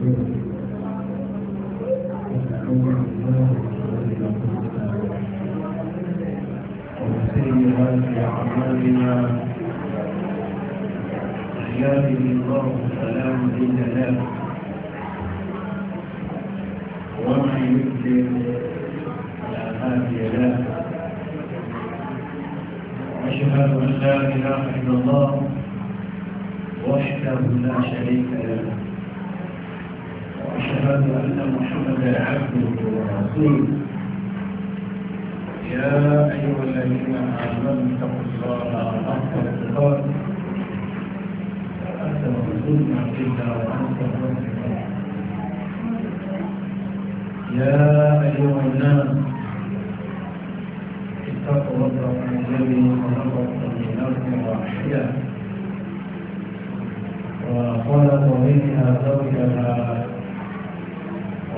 أعمالنا يهده الله فلا مضل ومن يضلل فلا هادي له أشهد أن لا إله إلا الله وحده لا شريك له وأشهد أن محمد عبده ورسوله يا أيها الذين آمنوا اتقوا الله حق تقاته وأنتم رسولنا إلا وأنتم مسلمون يا أيها الناس اتقوا ربكم الذي خلقكم من نفس واحدة وخلق منها زوجها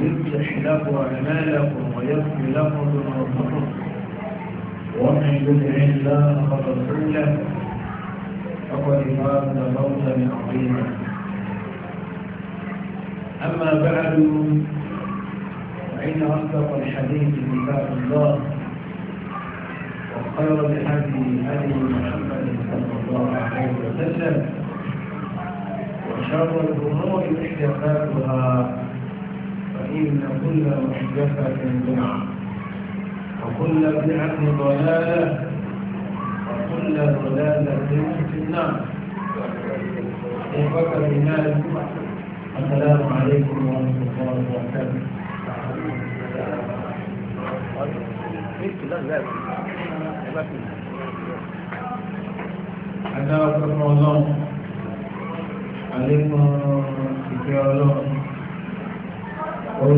يصلح له أعمالكم ويغفر لكم ذنوبكم ومن يطع الله ورسوله فقد فاز فوزا عظيما أما بعد فإن أصدق الحديث كتاب الله وخير الهدي هدي محمد صلى الله عليه وسلم وشر الأمور محدثاتها إن كل محدثة بدعة وكل بدعة ضلالة وكل ضلالة في النار إخوة الإيمان السلام عليكم ورحمة الله وبركاته Ada apa-apa Allah Alim Fikir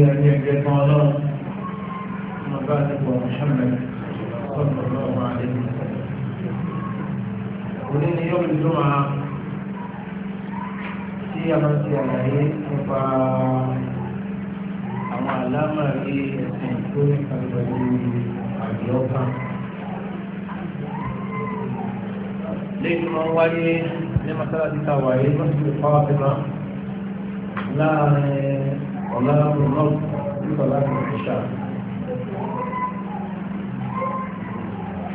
yẹ kí ẹgbẹ́ kan ọlọ́run wọn bá nípa Muhammad sọ̀rọ̀ lọ́wọ́ àlejò òní ni yóò dùn á tí a máa ti àlàyé nípa àwọn àlámà rí ẹ̀sìn tó ní pàtàkì àdìọ́kà. lẹ́yìn máa ń wáyé ní masalasi ta wáyé lọ́sibí fáwọn fẹ́ràn láàrin ọ̀la rọ̀rọ̀ nígbàlá kan ṣá.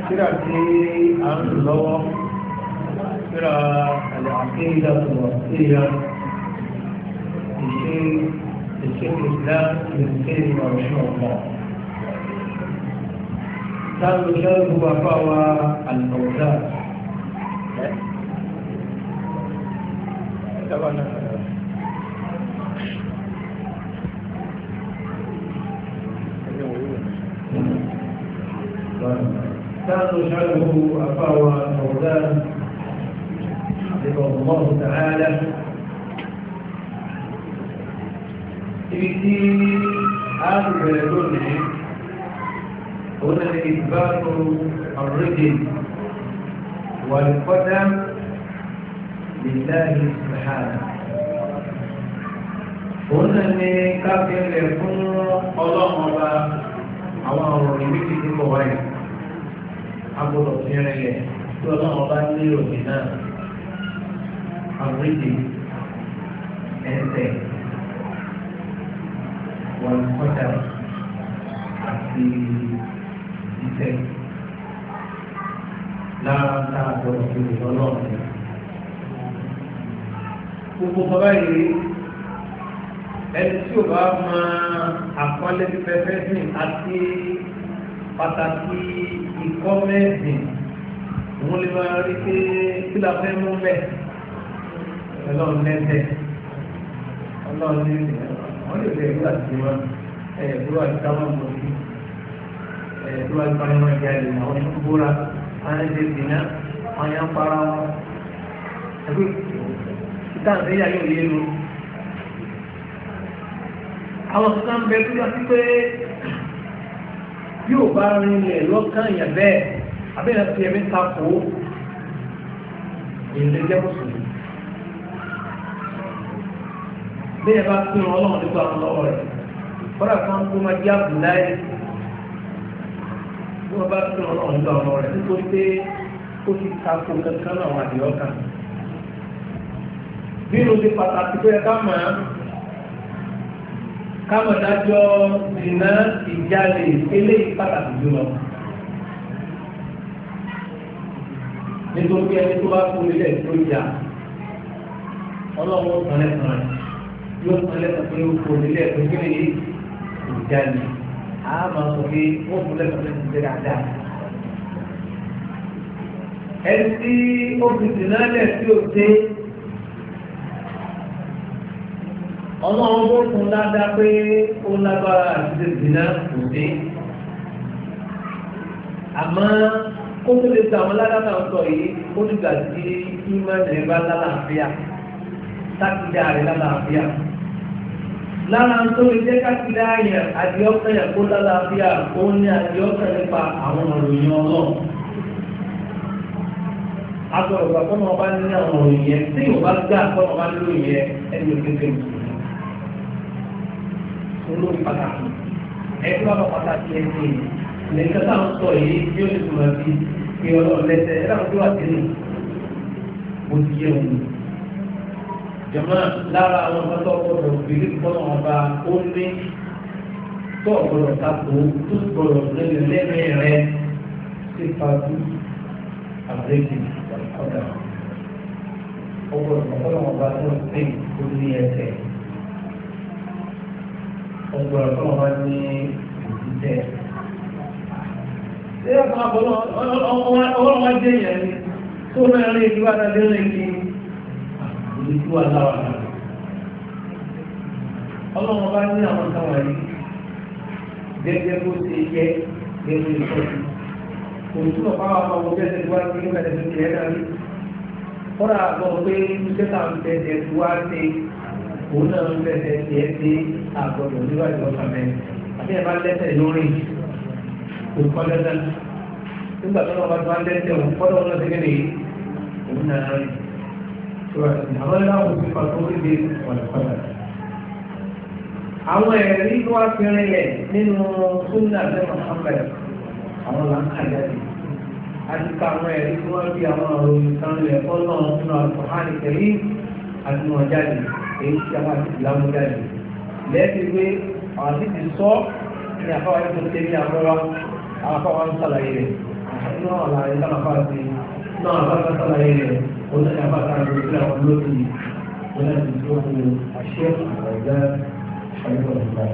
Síra tí a ń lò lọ́wọ́, síra àlẹ́ àkéyídà tó wà síra ìṣe ìṣe ìlà ìṣe ìwà òṣùwọ̀n mọ́. Táàbù ṣẹ́gun bàbá wa àlùbọ̀dá. Ẹ dábàá náà. تشعره أفاوى سودان رضا الله تعالى إبتي آخر بلدونه هنا إثبات الرجل والقدم لله سبحانه هنا náà ní الله fún ọlọ́mọba àwọn ọ̀rọ̀ ìwé agbọ́dọ̀ fi rinlẹ̀ tí ọlọ́run bá ní ìròyìn náà àwòrán ẹsẹ̀ wọn kọjá àti ìtẹ́ lára tá a gbọ́dọ̀ fi rìn lọ́lọ́run ni. gbogbo bàbá yìí ẹni tí o bá máa àpọ́nlé fífẹ́ fẹ́ sìn àti pàtàkì ikọ́ mẹ́sìn òun lè máa rí pé kí la fẹ́ mú mẹ́ ọlọ́run lẹ́sẹ̀ ọlọ́run lẹ́sẹ̀ wọ́n lè fẹ́ ìlú àti ìwọ́n ẹ̀yẹ̀ tó wà níta wọn kò sí ẹ̀yẹ̀ tó wà nípa ní wọn jáde àwọn tó bóra wọn ń ṣe dìnnà para wọn ẹgbẹ́ ìtàǹsẹ̀ yà yóò yé lu àwọn kan bẹ tó sí pé bí ò bá rinlẹ̀ lọ́kàn yẹn bẹ́ẹ̀ abẹ́yẹn fi ẹ̀mí takò ìlẹ̀ jẹ́ mùsùlùmí. bẹ́ẹ̀ bá pín wọn lọ́wọ́ nípa lọ́wọ́ rẹ̀ kọ́dà kan tó máa jẹ́ àbùláyé bí wọ́n bá pín wọn lọ́wọ́ nípa lọ́wọ́ rẹ̀ nítorí pé ó ti takò kankan náà wà ní ọkàn. bí ló ti pàtàkì bẹ́ẹ̀ ká máa kámọ̀dájọ́ ìná ìjáde eléyìí pàtàkì jùlọ. nítorí ẹni tó bá fún ilé tó jà ọlọ́run kan lẹ́sàn-án yóò kan lẹ́sàn-án pé ó fún ilé tó gbé yìí kò jáde a máa sọ pé ó fún lẹ́sàn-án lẹ́sàn-án dáadáa. ẹni tí ó fi dìnnà lẹ̀ sí òde. ọlọ́run bó kun dáadáa pé ó lágbára àti tètè náà kò dé àmọ́ kó tó lè ta àwọn ládàbà ń sọ yìí ó ti gbà sí ìmọ̀lẹ̀ bá lálàáfíà sákìdá rẹ̀ lálàáfíà lára tó lè jẹ́ kákìdá yẹn àdìọ́kàn yẹn kó lálàáfíà ó ní àdìọ́kàn nípa àwọn òròyìn ọlọ́run agbọ̀rọ̀gbà kọ́nà ọba ní àwọn òròyìn yẹn tí yóò bá gbà kọ́nà ọba lóyìn yẹn ẹni ò kékeré olórí pàtàkì ẹgbẹ́ bàbá pàtàkì ẹ̀sìn lẹ́yìn tó ń sọ yìí yóò lè tún lọ́ọ́ bí pé ọlọ́run lẹ́sẹ̀ ẹ̀rọ tó wà sílẹ̀ ó ti yẹ òun. jọ̀mọ́ lára àwọn ọmọ tó gbọdọ̀ bìrì fún ọba ó ní tó gbọdọ̀ tako tó gbọdọ̀ lẹ́yìn lẹ́yìn rẹ sí pàtó àbúrẹ́kì ọ̀dà ọgbọdọ̀ ọlọ́run ọba tó ń pè ó ní ẹsẹ̀ ọgbọ̀n tó wọn bá ní ìdíjẹ́. ṣé ọkọ̀ àbọ̀lọ́ ọlọ́wọ́ jẹ́ yẹn ni tó náà rí ìlú àtàlẹ́ rẹ̀ kí ìlú tó wà láwà náà. ọlọ́wọ́ bá ní àwọn káwọn yìí gẹ́gẹ́ bó ṣe yẹ gẹ́gẹ́ bó ṣe òtún ọ̀pá àwọn ọmọ bẹ́ẹ̀ ti sí nígbà tó ti rẹ̀ náà rí. kọ́ra àgbọ̀ pé iṣẹ́ náà ń tẹ̀ òun náà ń lẹ́sẹ̀ tí ẹ ti àgbọ̀dọ̀ níwájú ọ̀sán mẹ́rin àti ẹ̀ bá lẹ́sẹ̀ lórí kò kọ́ lẹ́sẹ̀ nígbà tó lọ́wọ́ bá lẹ́sẹ̀ òun kọ́ lọ́wọ́ lọ́sẹ̀ kéde òun náà rìn àwọn ẹ̀rọ àwọn òfin kan tó ń gbé ọ̀nàkọ́nà. àwọn ẹ̀rí tó wá fi rinlẹ̀ nínú súnà lẹ́nu ọ̀pẹ̀ àwọn là ń kà jáde àti ká àwọn ẹ̀rí tó wá fi àwọn ọ̀rọ̀ ìtàn rẹ̀ kọ́ lọ́wọ́ nínú àlùkò hàn èyí tí a máa ti lámú jáde lẹ́yìn pé àwọn ti ti sọ ní àfáwá yìí tó tẹ́lẹ̀ àfọwá àwọn afáwá ń sàlàyé rẹ̀ nínú àwọn àlàyé táwọn afáwá ti nínú àwọn afáwá ń sàlàyé rẹ̀ ó ní àfáwá kan ló fi àwọn lókè wọn láti tó kú àṣẹ àgbàdá àyẹ̀wò ìgbà.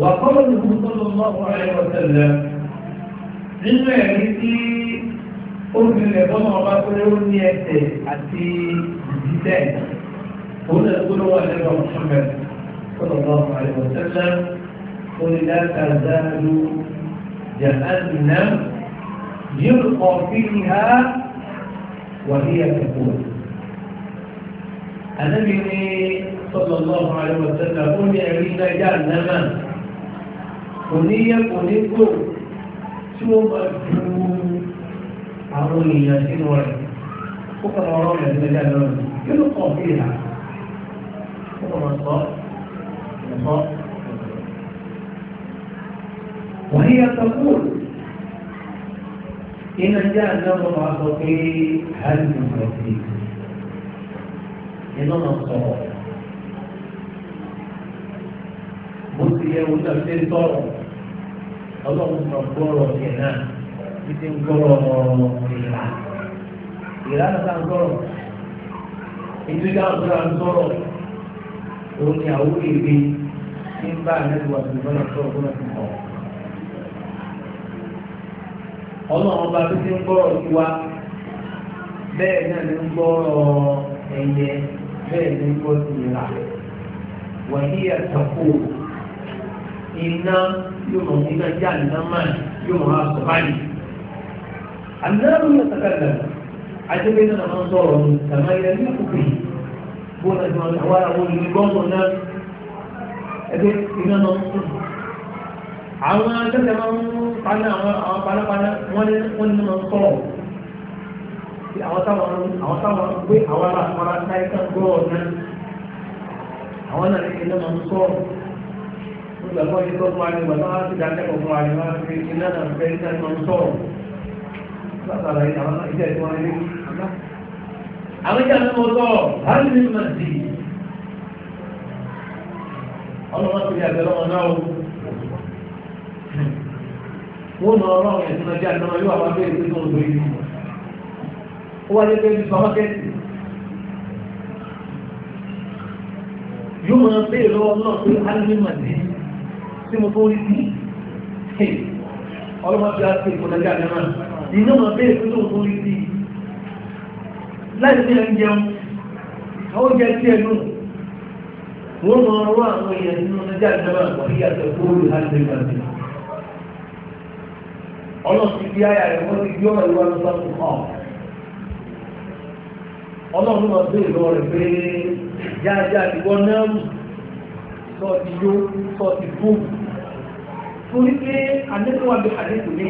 وقال النبي صلى الله عليه وسلم nínú ẹ̀rí tí ó fi lè bọ́mọ̀ ọba pé ó ní ẹsẹ̀ àti ìdílé هنا يقول هو محمد صلى الله عليه وسلم قل لا تزال جهنم يلقى فيها وهي تقول النبي صلى الله عليه وسلم قل لأبينا جهنم قل لي قل kó tí ó bá ju àwọn èèyàn sínú rẹ̀ kó kàn ọ̀rọ̀ rẹ̀ lẹ́jà lọ́rùn وهي تقول إن جاء النظر عصفي هل من يكفيك إنما الصلاة مسيا وتفسير صلاة الله صبر وكنا يتم كرم إلى إلى أن تنكرم إن جاء الصلاة òun ni àwọn èrè tí ń bá àlejò àtìmọ́lá tó ọgbọ́n ti kọ̀. ọlọ́run ọba tó ti ń gbọ́rọ̀ sí wa bẹ́ẹ̀ náà ni ń gbọ́rọ̀ ẹ̀yẹ bẹ́ẹ̀ ni ń gbọ́ ìlà wàyí àtàkù iná yóò mọ̀ iná já iná máa yóò mọ̀ àtọ̀ báyìí. àná ló ń sàkàlà àjẹbẹ́ náà máa ń sọ̀rọ̀ ní sàmáyé ní àkókò yìí bóra ìdúró àwọn àwọn olùgbọ́ngbọ̀n náà ẹgbẹ́ iná náà ń kú. àwọn akẹ́kọ̀ọ́ máa ń paná àwọn panápaná wọ́n ní wọ́n ní máa ń kọ́ àwọn táwọn àwọn táwọn pé àwọn ará àpárá táyé kan gbọ́ ọ̀nà àwọn náà ní iná máa ń kọ́ nígbà tó yẹ kó fún wa ní gbàgbọ́ wá sí ìdájọ́ fún wa ní wá sí iná náà fẹ́ iná máa ń sọ̀rọ̀ látara àwọn ìjà mímọ sọ láti ní ìmọ̀ sí i ọlọ́mọ tó yà bẹ̀rẹ̀ ọmọ náà o wọ́n nà ọlọ́run ẹ̀sìn náà jẹ́ àná yóò àwọn abẹ́rẹ́ tó tó ń gbé yìí ó wáyé pé ní sọmọ́kẹ́tì yóò máa bẹ́ẹ̀ lọ́wọ́ náà pé alẹ́ mà sí tí mo tó rí sí ọlọ́mọ tó ìkọ̀dájà náà iná bẹ́ẹ̀ tó ń rí sí láti ṣe ń jẹun oúnjẹ tí ẹ nù wọ́n mọ ọrọ́ àwọn èèyàn nínú ọjọ́ àjọyọ̀ àgbà yíyá tó kóòlù láti ṣe ìgbàgbé ọlọ́run ti fi àyà rẹ̀ ti gbé ọ̀rọ̀ ìwà lọ́sọ̀ tó kọ́ ọlọ́run máa gbé ìlọ rẹ̀ pé jájá ìwọ náà sọ ti yó sọ ti bú torí pé àdéhùn wa bí àdéhùn ní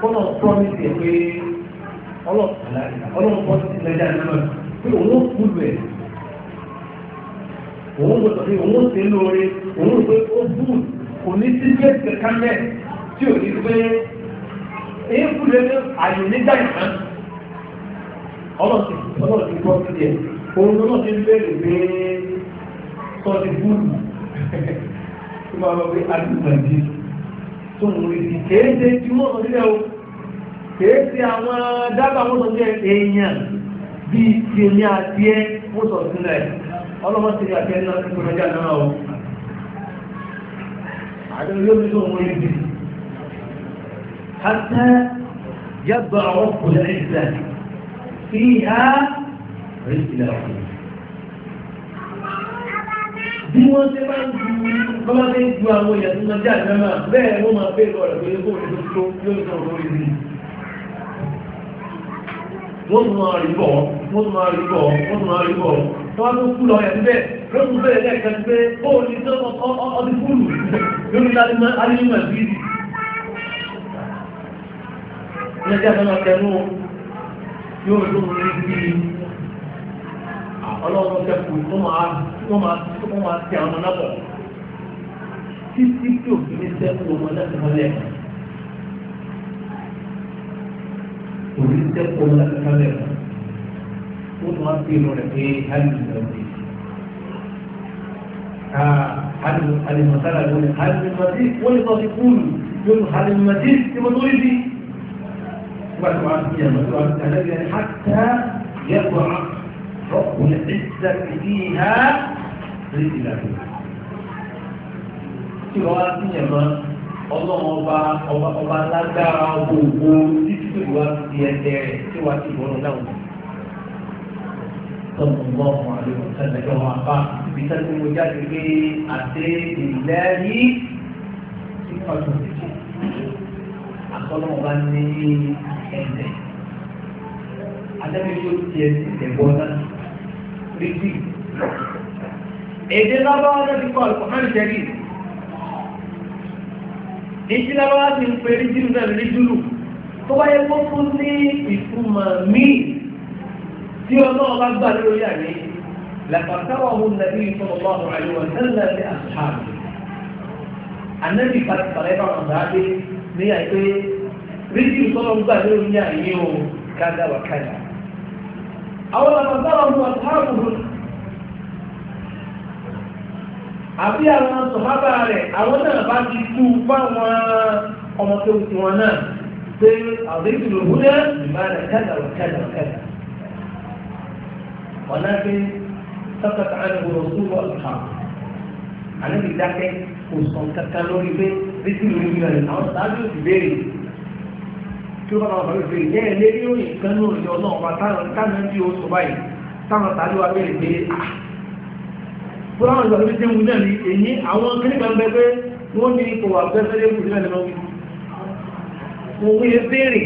kọ́nà promise ẹ̀ pé ọlọ́run bọ́ sí ilẹ̀ jáde náà pé òun ó kúlù ẹ̀ òun ó sọ pé òun ó sí lóore òun ó pé ó bú kò ní sí bí ẹsẹ̀ kámẹ́ tí ò ní pé èyí kúlù ẹ̀ àyè nígbà ìgbà ọlọ́run ti bọ́ sí ẹ̀ òun ló ti bẹ̀rẹ̀ pé sọ́ọ̀tì búlù tí wọ́n bá wọ́n pé adúgbò ẹ̀ tó ń retí kéde tí wọ́n sọ sílẹ̀ o. kèé si àwọn dábàá wọ́n sọ pé èèyàn bíi ti àti ẹ wọ́n sọ sílẹ̀ ọlọ́mọ ti àti ẹ náà tó lọ́jà náà o àdéhùn yóò tó wọ́n rí bi hàtẹ́ yàgbọ́ àwọn kòlẹ̀ ẹ̀sẹ̀ fi hà rí ìlà bí wọ́n ṣe bá ń ju bọ́lá ń ju àwọn èèyàn náà bẹ́ẹ̀ wọ́n máa bẹ́ẹ̀ pé kó o lè tó yóò lórí mi. wọ́n tún máa rí bọ̀ wọ́n tún máa rí bọ̀ wọ́n tún máa rí bọ̀ tó wá tó kú lọ ẹ̀ bẹ́ẹ̀ ló tún bẹ̀rẹ̀ lẹ́ẹ̀kan pé ó ní tó ọdún fúlù lórí ọlọ́run kẹkù tó tó máa ti àwọn náà bọ̀ títí tí òfin ní sẹ́kù ọmọ náà ti mọ́lẹ̀ kò ní tẹ́kọ̀ọ́ láti kálẹ̀ mọ́ ó tún wá sí irun rẹ̀ pé hálìlì lọ́dẹ hálìlì mọ̀sára ló ní hálìlì mọ̀dé wọ́n lè sọ sí kúlù yóò tún hálìlì mọ̀dé tí mo tó rí bí nígbà tó wá sí ìyàmọ̀ tó wá sí àlẹ́bí ẹni hátà yẹ́kọ̀ọ́ ọkùnrin ẹ̀sẹ̀ ìdíhà rí ìlànà tí wọ́n wá sí ìyàmọ̀ ọlọ́run ọba ọba ọba lágbára gbogbo títí tó wá ti ẹsẹ̀ rẹ̀ tí wàá ti bọ̀ lọ́dà wò. Sọ̀rọ̀ ń bọ̀ ọmọ àlè òṣèlè ọmọ àbá ibi tí wọ́n ti jáde pé àti ìlẹ́rí tí wọ́n ti tètè. Àtọ́lọ́run ọba ní ẹ̀jẹ̀. Adébí tó ti ẹsẹ̀ ìdẹ̀bọ̀ náà rí Èdè lábáwá náà ti kọ́ àlùkò náà ń ṣẹ́rí èyí lábáwá ti ń pe rídìrú náà rídìrú tó wáyé kó fún ní ìtumọ̀ míì tí ọlọ́run bá gbà lórí àní làkàtàwọ̀ ọ̀hún nàbí ìfọ̀mọ̀ ọ̀hún àyẹ̀wò sẹ́lẹ̀ ní àṣàbí ànábì pàtàkì bá wọn sáré ní àìpé rídìrú tọ́lọ́ gbà lórí àní o kádà wà kádà àwọn làkàtàwọ̀ ọ̀hún àṣàbí àbí àwọn sọ̀hábà rẹ̀ àwọn náà bá ti tú fáwọn ọmọ tó ti wọn náà pé àwọn ìdílé òun náà ìbára kẹta wà kẹta wà kẹta. wọn náà fi sọ́kàtà àdìgbò ọ̀sùn lọ ọ̀sán àníbi dákẹ́ kò sàn kankan lórí pé bísí ló ń yọrin àwọn sáájú ti béèrè tí wọn náà fọwọ́ béèrè yẹ́n lé ní òyìnkan ní òyìn ọlọ́run bá táwọn táwọn bí oṣù báyìí táwọn sáájú wa béèrè fúláwọn ìgbà lórí jẹun náà ní èyí àwọn kíníkà ń bẹ pé wọ́n ní kò wà pẹ́ fẹ́lẹ́ kù sílẹ̀ lọ́wọ́ mo wúye béèrè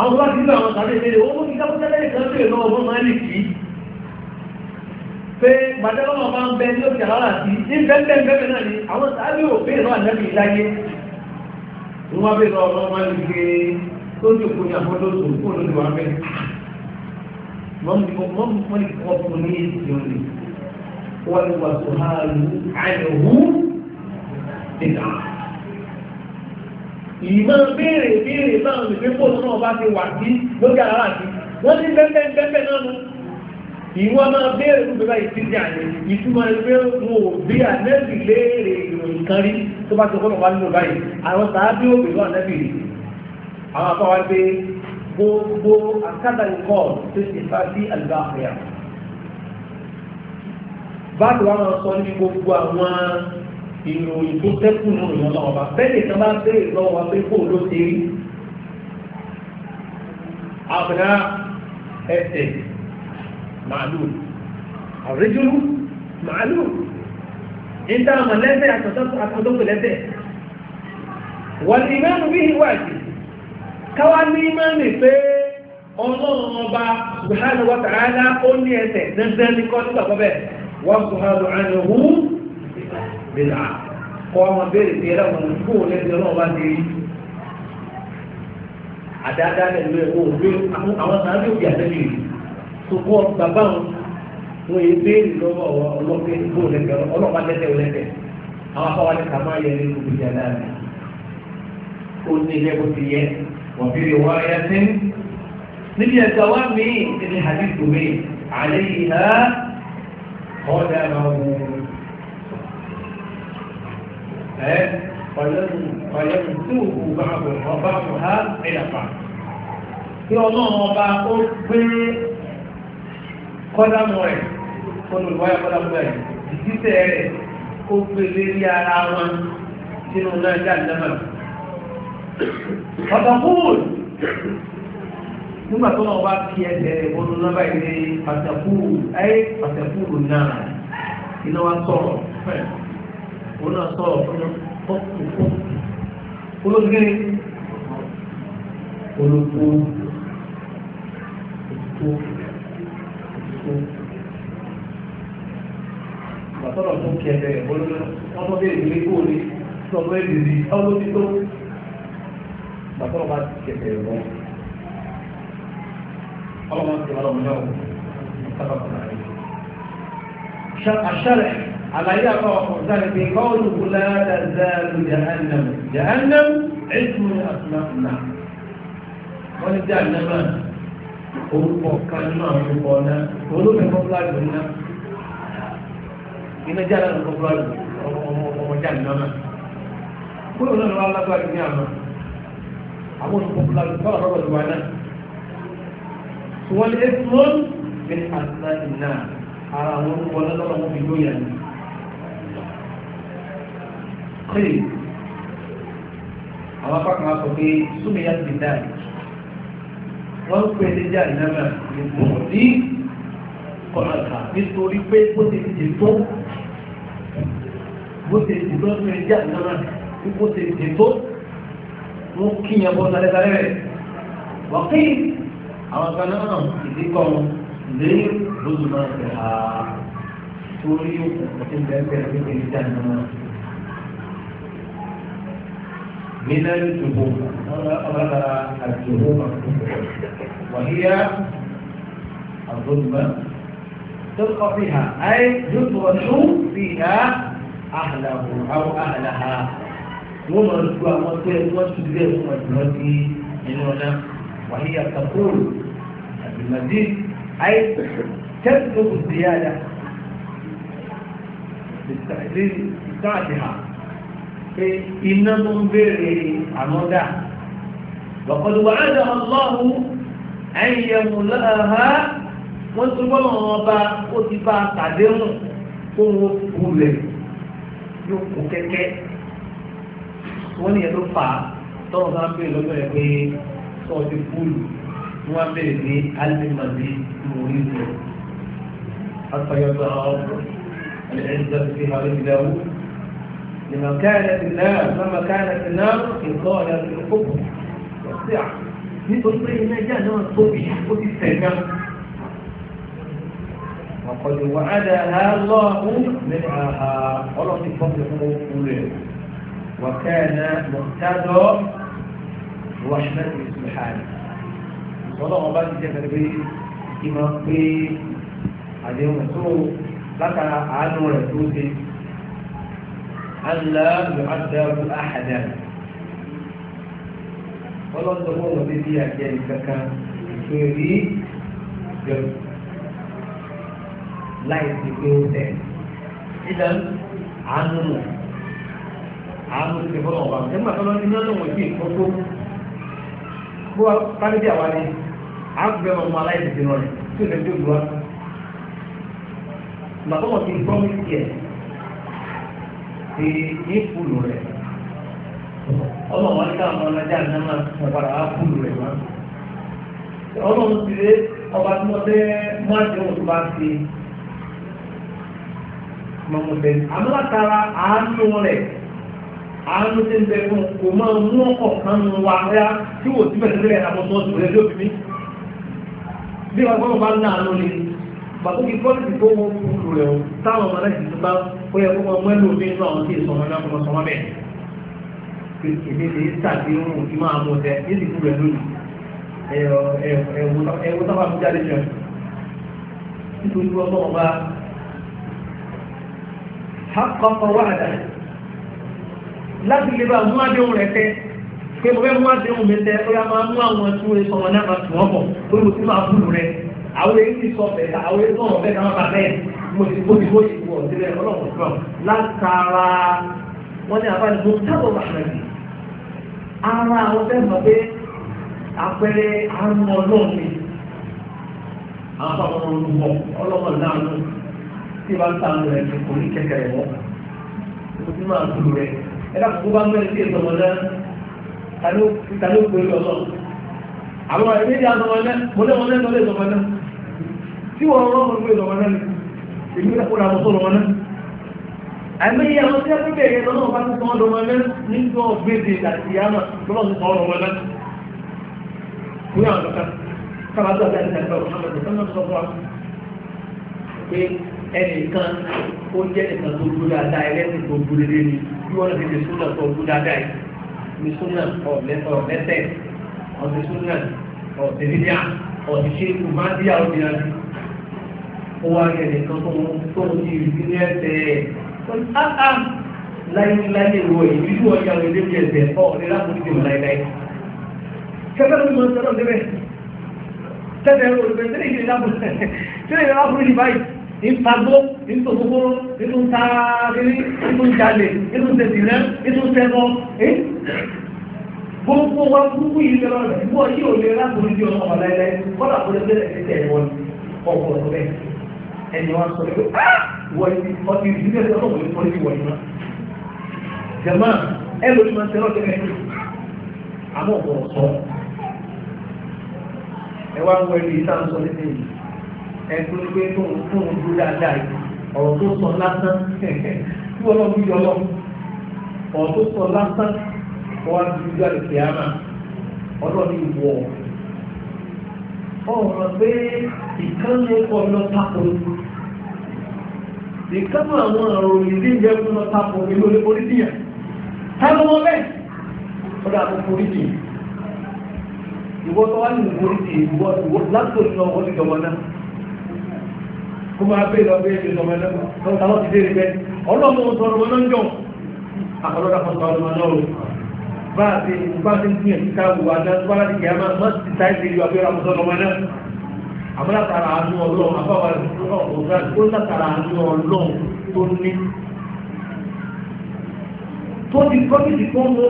àwọn bá ti gbà àwọn tàbí ìbéèrè owó ti dákú tẹ́lẹ̀ kan béèrè lọ́wọ́ fún máa lè kí pé gbàdẹ́lọ́wọ́ bá ń bẹ ní òkè àlọ́lá sí ní bẹ́ẹ̀bẹ́ẹ̀bẹ́ẹ̀ náà ni àwọn tàbí ò béèrè lọ́wọ́ àjẹ́bì láyé wọ́n wá béèrè lọ́wọ́ máa lè gbé tó ń jòkó ní àfọ́dọ́sọ̀ fún olóògbé wa bẹ́ẹ̀ ní ìsìn wọ́n ní wọ́n tó máa lu àyẹ̀wò nígbà. ìmọ̀ béèrè béèrè náà ní pé bóòtù náà bá ti wà sí lókè ara àti wọ́n ní bẹ́ẹ̀ bẹ́ẹ̀ náà nù. ìwọ́n máa béèrè fún bíbá ìtìsí àyè ìtumọ̀ ẹgbẹ́ wọn bí ànẹ́bì léèrè ìròyìn kan rí tó bá ti kọ́ lọ́wọ́ nínú báyìí àwọn sàábí báàgì wa máa sọ ní gbogbo àwọn ìròyìn tó tẹ́kù nù ìyọ́n náà ọba bẹ́ẹ̀ kan bá bẹ́ẹ̀ lọ́wọ́ wa pé kó ló ṣe rí àbúrá ẹsẹ̀ màálù àrídúró màálù níta àmọ̀ lẹ́sẹ̀ àtọ̀tọ̀ lẹ́sẹ̀ wọ́n ti mẹ́nu bí ìwádìí káwá ní mẹ́nu pé ọlọ́run ọba subhanahu wa ta'ala ó ní ẹsẹ̀ dandan ní kọ́ nígbàgbọ́ bẹ́ẹ̀ wọ́pùhàrù ànìhù bìlà kọ́ ọmọ béèrè pé ẹlẹ́wọ̀n kó o lẹ́sẹ̀ ọlọ́run bá ti rí àdáadá lẹ́nu ẹ̀ o gbé àwọn sàn án bí òbí àtẹ́bí rí sọkọ́ bàbá wọn wọ́n yé béèrè lọ́wọ́ ọlọ́pẹ́ kó o lẹ́sẹ̀ ọlọ́run bá lẹ́sẹ̀ ọlẹ́sẹ̀ àwọn afọwọ́ ni kàmá yẹ yẹ wọ́n bí wọ́n قدمه فيمسوه بعض وبعضها إلى بعض kí ọlọ́run ọba ó gbé kọ́dámù rẹ̀ olùwáyà kọ́dámù rẹ̀ ìdísẹ́ rẹ̀ ó gbé lérí ara wọn sínú náà jáde náà. ọ̀dọ̀ kúrò nígbà tó náà bá fi ẹsẹ̀ rẹ̀ wọnú nọ́mbà ìdílé pàtàkù ayé pàtàkù náà iná wa sọ̀rọ̀ fẹ́ òun náà sọ̀rọ̀ fún ọkùnkù olóògbé olóko òkú òkú pàtọ́nà tó kí ẹsẹ̀ rẹ̀ wọnú ọmọdé ìdílé kóòlì sọ̀rọ̀ ìdílé ọlọ́dún tó pàtọ́nà bá kẹsẹ̀ rẹ̀ wọnú. طالما انت غلط منهم متفق عليه الشرع على يقع ذلك بقوله لا تزال جهنم جهنم اسم من اسماء النار wọ́n ti ànámà orúkọ kan nínú àwọn orúkọ náà olóògbé popular dùn náà iná jáde àwọn popular dùn ọmọ ọmọ jáde náà kúrò náà lọ́wọ́ alágbára ní àná àwọn olùpọ̀pọ̀lá tọ́lá lọ́wọ́ ìwà náà. wọ́n lé fún mi àtúntà ìnà ara àwọn orúkọ lọ́dọ̀ àwọn òbí lóyà ni. kéè àwọn apá kan sọ pé súnmi yá ti dá yìí wọ́n pè é déjà ìnáwó ìbò ní kọ̀ọ̀kan nítorí pé bó ti ti tó bó ti ti tó ní ìjà ìnáwó bó ti ti tó wọ́n kíyàn bọ́ sálẹ̀ sálẹ̀ rẹ̀ wọ́n kéè. àwọn kan náà ìdíkọ̀ lẹ́yìn lóṣù máa ń tẹ̀ torí òkùnkùn tí ń bẹ́ẹ̀ bẹ́ẹ̀ ní dáná náà. من الجهوم أمر الجهوم وهي الظلمة تلقى فيها أي يدرس فيها أهله أو أهلها ومن تدرس ومن تدرس ومن تدرس وهي تقول المزيد أي تطلب الزيادة لساعتها إنهم بر عمدا وقد وعدها الله أن يملأها وانتبه وبا وتبا تعدم وقوله yóò kẹ́kẹ́ wọ́n ní ẹ̀dọ́ fà tọ́wọ́ sáà tó o ti fúlù tí wọ́n bèrè ní alimadi lórí rẹ̀. akọ̀yọ̀dọ̀ ọ̀rọ̀ ẹ̀ẹ́dẹ́gbẹ̀rún ti hàn ìdáwó. لما كانت النار لما كانت النار انقالت القبر والسعه nítorí pé iná jẹ́ àná tóbi ó ti tẹ̀gán. Àkọlù wà á dà á lọ́ọ̀hún ní àhà ọlọ́ọ̀tì fọ́ọ̀mù fún òkú rẹ̀. Wà káyà náà mọ̀tádọ́ rahman subhanahu ọlọ́run bá ti jẹ́ pẹ̀lú pé ìmọ̀ pé àdéhùn tó látara àánú rẹ̀ tó ṣe alá yu'adabu ahadan ọlọ́run tó fún ọmọdé bí àjẹ ìkankan tó rí jẹun láì sí pé ó tẹ̀ ìdá àánú àánú ti fọlọ́wọ́ bá mi ẹ̀ máa tọ́lọ́ nínú ọlọ́run bó wa fámìlì àwa ni à ń bẹ̀rẹ̀ ọmọ aláìsèké náà rẹ̀ tí o lè dé òdùwà. Màtọ́ wọn ti gbọ́ mi tiẹ̀ ti ní fúlù rẹ̀. Ọmọ wọn ká àwọn ọmọdé àná máa ń padà wá fúlù rẹ̀ wá. Ọlọ́run ti lé ọba tí wọ́n fẹ́ mú àdéhùn tó bá ti mọ̀mọ́tẹ́. Àmọ́ látara àánú rẹ̀. àánú tí ń bẹ fún kò máa mú ọkọ̀ kan nu wa tí wò sí bẹ̀rẹ̀ lẹ́yìn àbọ̀tọ́ ọ̀sùn rẹ̀ lóbi mi. bí wọn gbọ́dọ̀ bá ná àánú ni bàtó kí kọ́lẹ́sì tó wọ́n kú rẹ̀ o táwọn ọmọ láti lè bá mú àdéhùn rẹ̀ tẹ́ pé mo fẹ́ mú àdéhùn mi tẹ́ ó yá máa mú àwọn tí wọ́n sọ wọn náà máa tù wọ́n bọ̀ pé mo ti máa búlù rẹ̀ àwọn èyí ti sọ bẹ̀rẹ̀ àwọn èyí sọ̀rọ̀ bẹ́ẹ̀ náà bàbẹ́ mo ti bó ti bó ti wọ̀ síbẹ̀ ọlọ́run fún ọ látara wọ́n ní abáni mo tábọ̀ bàbá mi ara àwọn fẹ́ mọ̀ pé àpẹẹrẹ àrùn ọlọ́run mi àwọn fún àwọn olùwọ̀ ọlọ́run náà ló tí wọ́n ń ta àwọn ẹ̀sìn kò ní kẹ̀kẹ́ rẹ̀ ti ẹ̀dá kòkó bá mẹ́rin sí ìsọ̀mọ̀ náà ta ló pè é lọ́lọ́ àwọn ẹ̀mí ìyá sọ̀mọ̀ náà mo lé wọn lẹ́nu lé sọ̀mọ̀ náà tí wọ́n rọ́ mo pè sọ̀mọ̀ náà ni èmi náà kóra mo sọ̀rọ̀ wọn náà àmì ìyá wọn tí wọ́n bẹ̀rẹ̀ lọ́nà bá ti sọ̀rọ̀ wọn náà nígbà ọ̀gbẹ́dẹ àti yàmà fún yàrá kankan kábàdúrà bí a ti ẹnìkan ó jẹ́ nìkan tó dúró dáadáa ẹlẹ́sìn tó dúró dédé ni bí wọ́n ti ṣe súnà tó dúró dáadáa yìí ní súnà ọ̀lẹ́sẹ̀ ọ̀sẹ̀ súnà ọ̀sẹ̀ dídíà ọ̀sẹ̀ ṣe kù máa díyà òbí náà ó wá rí ẹnìkan tó tó ti rí ní ẹsẹ̀ ẹ̀ ah, ah, láyéláyé wọ èyí bí wọ́n yà wọlé bí ẹsẹ̀ ọ̀ ní láti ti mọ̀ láyéláyé kẹ́kẹ́ ló ti mọ̀ sọ́dọ̀ débẹ̀ tẹ́lẹ̀ ló ti bẹ̀ tẹ́lẹ̀ ìdílé lábùrú tẹ́lẹ̀ ìdílé lábùrú ní báyìí ìfagbó ìtòkókóró ìtòkárìrí ìtòjalè ìtòsẹ̀dìrẹ́ ìtòsẹ̀bọ gbogbo wa gbogbo yìí lọ́rọ̀ rẹ̀ wọ́n yìí ò lè rákòrí di ọmọ ọ̀láìláì kọ́lá kò lè bẹ̀rẹ̀ sí tẹ̀lé wọn ọ̀pọ̀ ọ̀rọ̀ bẹ́ẹ̀ ẹni wọn sọ pé ah! wọ́n ti ọtí ìdílé ẹ̀sọ́ ọ̀pọ̀ lè kọ́lé wọ̀nyí mọ́. jẹ̀mọ́ ẹ lórí máa ń tẹ́lọ̀ tẹ́lẹ̀ àmọ́ ọ̀pọ̀ sọ ẹ wá ń wọ ẹni ìta ń sọ nípa èyí ẹ̀sùn pé tóun tóun dúró dáadáa yìí ọ̀rọ̀ tó sọ lásán tí wọ́n lọ́ọ́ bíyọ lọ ọ̀rọ̀ tó sọ lásán wọ́n wá ti dúró àti kìámà ọlọ́ọ̀ni wọ̀ ọ̀rọ̀ pé ìkànnì ẹ̀kọ́ lọ tako ìkànnì àwọn àròyìn tí ń jẹ́ fún lọ tako nínú olè oríṣìyàn táwọn ọmọ bẹ́ẹ̀ ọ̀dọ̀ àkókò oríṣìyàn ìwọ́n tó wá ní ìwọ́n oríṣìyàn ìwọ́n látòlù náà wọ́n ti jọmọ náà kó máa bẹ́ẹ̀ lọ bẹ́ẹ̀ ṣe ọmọ ẹlẹ́gbọ́n lọ́wọ́ táwọn ti dé rí bẹ́ẹ̀ ọlọ́mọ ohun tọrọ wọn lọ́jọ́ àkọlọ́dà kan tọrọ wọn lọ́rùn bá a ti bá a ti ń gbìyànjú ká wù wá náà tó bá láti kẹ́ máa má ti ta ìdílé wa bí ọlọ́mọ tọrọ wọn náà àmọ́ látara àánú ọlọ́run àbáwá ó látara àánú ọlọ́run tó ní tó ti kọ́mìtì kó mú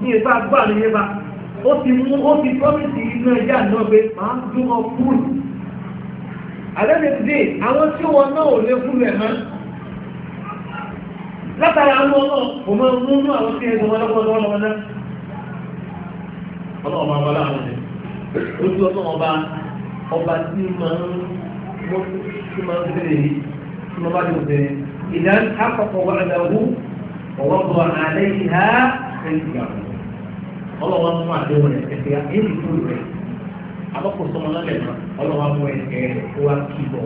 ní ìfá gbà ní ìfá ó ti mú ó àlẹ́lẹ́ dé àwọn tí wọn náà ò lè kúrò ẹ̀ mọ́ látara àwọn náà kò máa mú inú àwọn tí ẹ̀sùn wọn lọ́kọ́ lọ́wọ́ lọ́wọ́ náà ọlọ́wọ́ máa bá láwọn ọ̀dẹ́ lójú ọdún ọba ọba tí máa ń tí máa ń bèrè tí bá lè ìdá akọ̀kọ̀ wà ọwọ́ bọ̀ àlẹ́ yìí há ọlọ́wọ́ mú àdéhùn àbọ̀kù sọmọ lọ́lẹ̀ náà ọlọ́wọ́ mú ẹ̀kẹ́ ó wá kí bọ̀.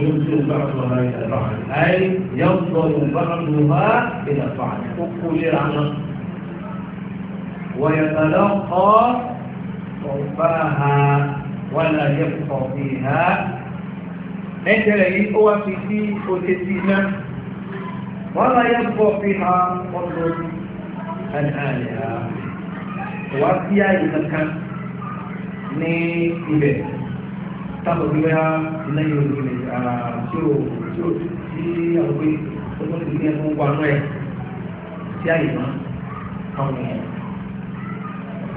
yóò tó bá a sọ̀rọ̀ ìdàgbà ayé yóò sọ ìgbà tó bá ìdàgbà ó kú léra náà. ويتلقى صفاها ولا يبقى فيها ẹ̀jẹ̀rẹ̀ yìí ó wá fi sí òtẹ́tì iná wọ́n láyé ń bọ̀ fi ha ọdún ẹ̀hàn ẹ̀hàn kò wá sí àyè kankan ní ibẹ̀ tábọ̀ bí wáyà iná yóò lò lè tí o tí o tí àwọn pé o tó ti ní ẹkún wa náà ẹ̀ sí àyè mọ́ àwọn èèyàn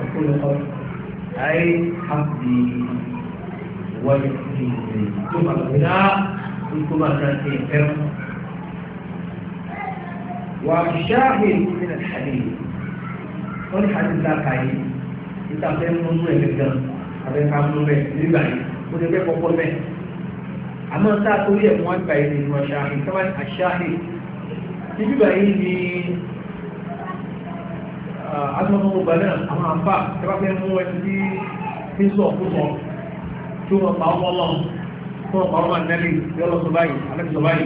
ọ̀pọ̀ lọ́kọ́ àyè àti wáyà ti ìgbè tó bá lọ́wọ́ dá tó bá dá sí ìfẹ́ wọn. وشاهد من الحديث wọ́n ní hajj ta ka yìí níta fẹ́ múnú ẹ̀ gẹ́gẹ́ abẹ́ ká múnú bẹ́ẹ̀ nígbà yìí mo ti fẹ́ kọ́kọ́ bẹ́ẹ̀ àmọ́ tá a torí ẹ̀ mú àgbà yìí nínú aṣááhì sábà ní aṣááhì nígbà yìí ni asọ́nà ọgbà náà àwọn àǹfà sábà fẹ́ mú ẹ sí fíṣọ̀ fúnmọ́ tí wọ́n pa ọmọ lọ fún ọmọ ọmọ nẹ́bí yọlọ báyìí alẹ́ báyìí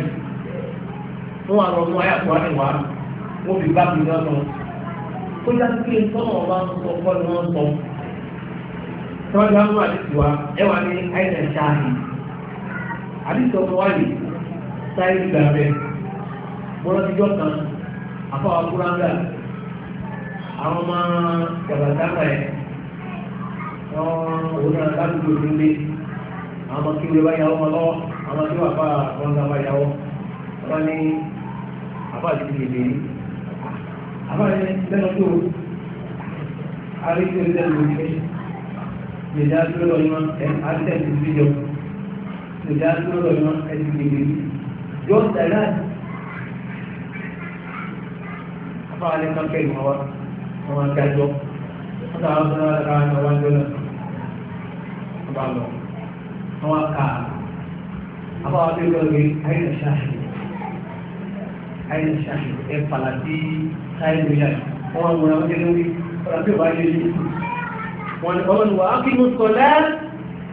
fún àwọn ọmọ ayàtọ̀ wá wọ́n fi bá kó yá kí n tọ́nà ọba ń sọ kọ́ ni wọ́n sọ. Tọ́jú àwọn àdìsí wa ẹ wà ní àìsàn ṣáàyè. Àdìsí ọmọ wa yìí sáyé ìgbà rẹ̀ bọ́lá ti jọ kan àfọwọ́ kúráńgà àwọn ọmọ jàbàtàkà ẹ̀ wọ́n òun náà ládùúgbò tó lé àwọn ọmọ kí wọ́n bá yàwó lọ́wọ́ àwọn tí wọ́n bá bá yàwó wọn ní àbá àti ìdílé yìí àbáyé lẹ́nu tó àríkò lẹ́nu òkè lèdá dúró lọ yọ àtẹ̀sí fídíò lèdá dúró lọ yọ ẹtì gbèdé yọ tẹ̀lé àbáyé kankẹ́ ìmọ̀ wa wọ́n máa dájọ́ wọ́n tàbí àwọn ọ̀sán lára káwọn ọ̀wá jọ náà wọ́n bá lọ wọ́n wá ká àbáwá bí wọ́n gbé ayélujára ayélujára ẹ̀ pàlàdé táyé lóyà wọn àwọn ọmọ ọmọdé lórí ọ̀rọ̀ tí ò bá yẹ yìí wọn ni ọmọ ìwà ákí mú sọlá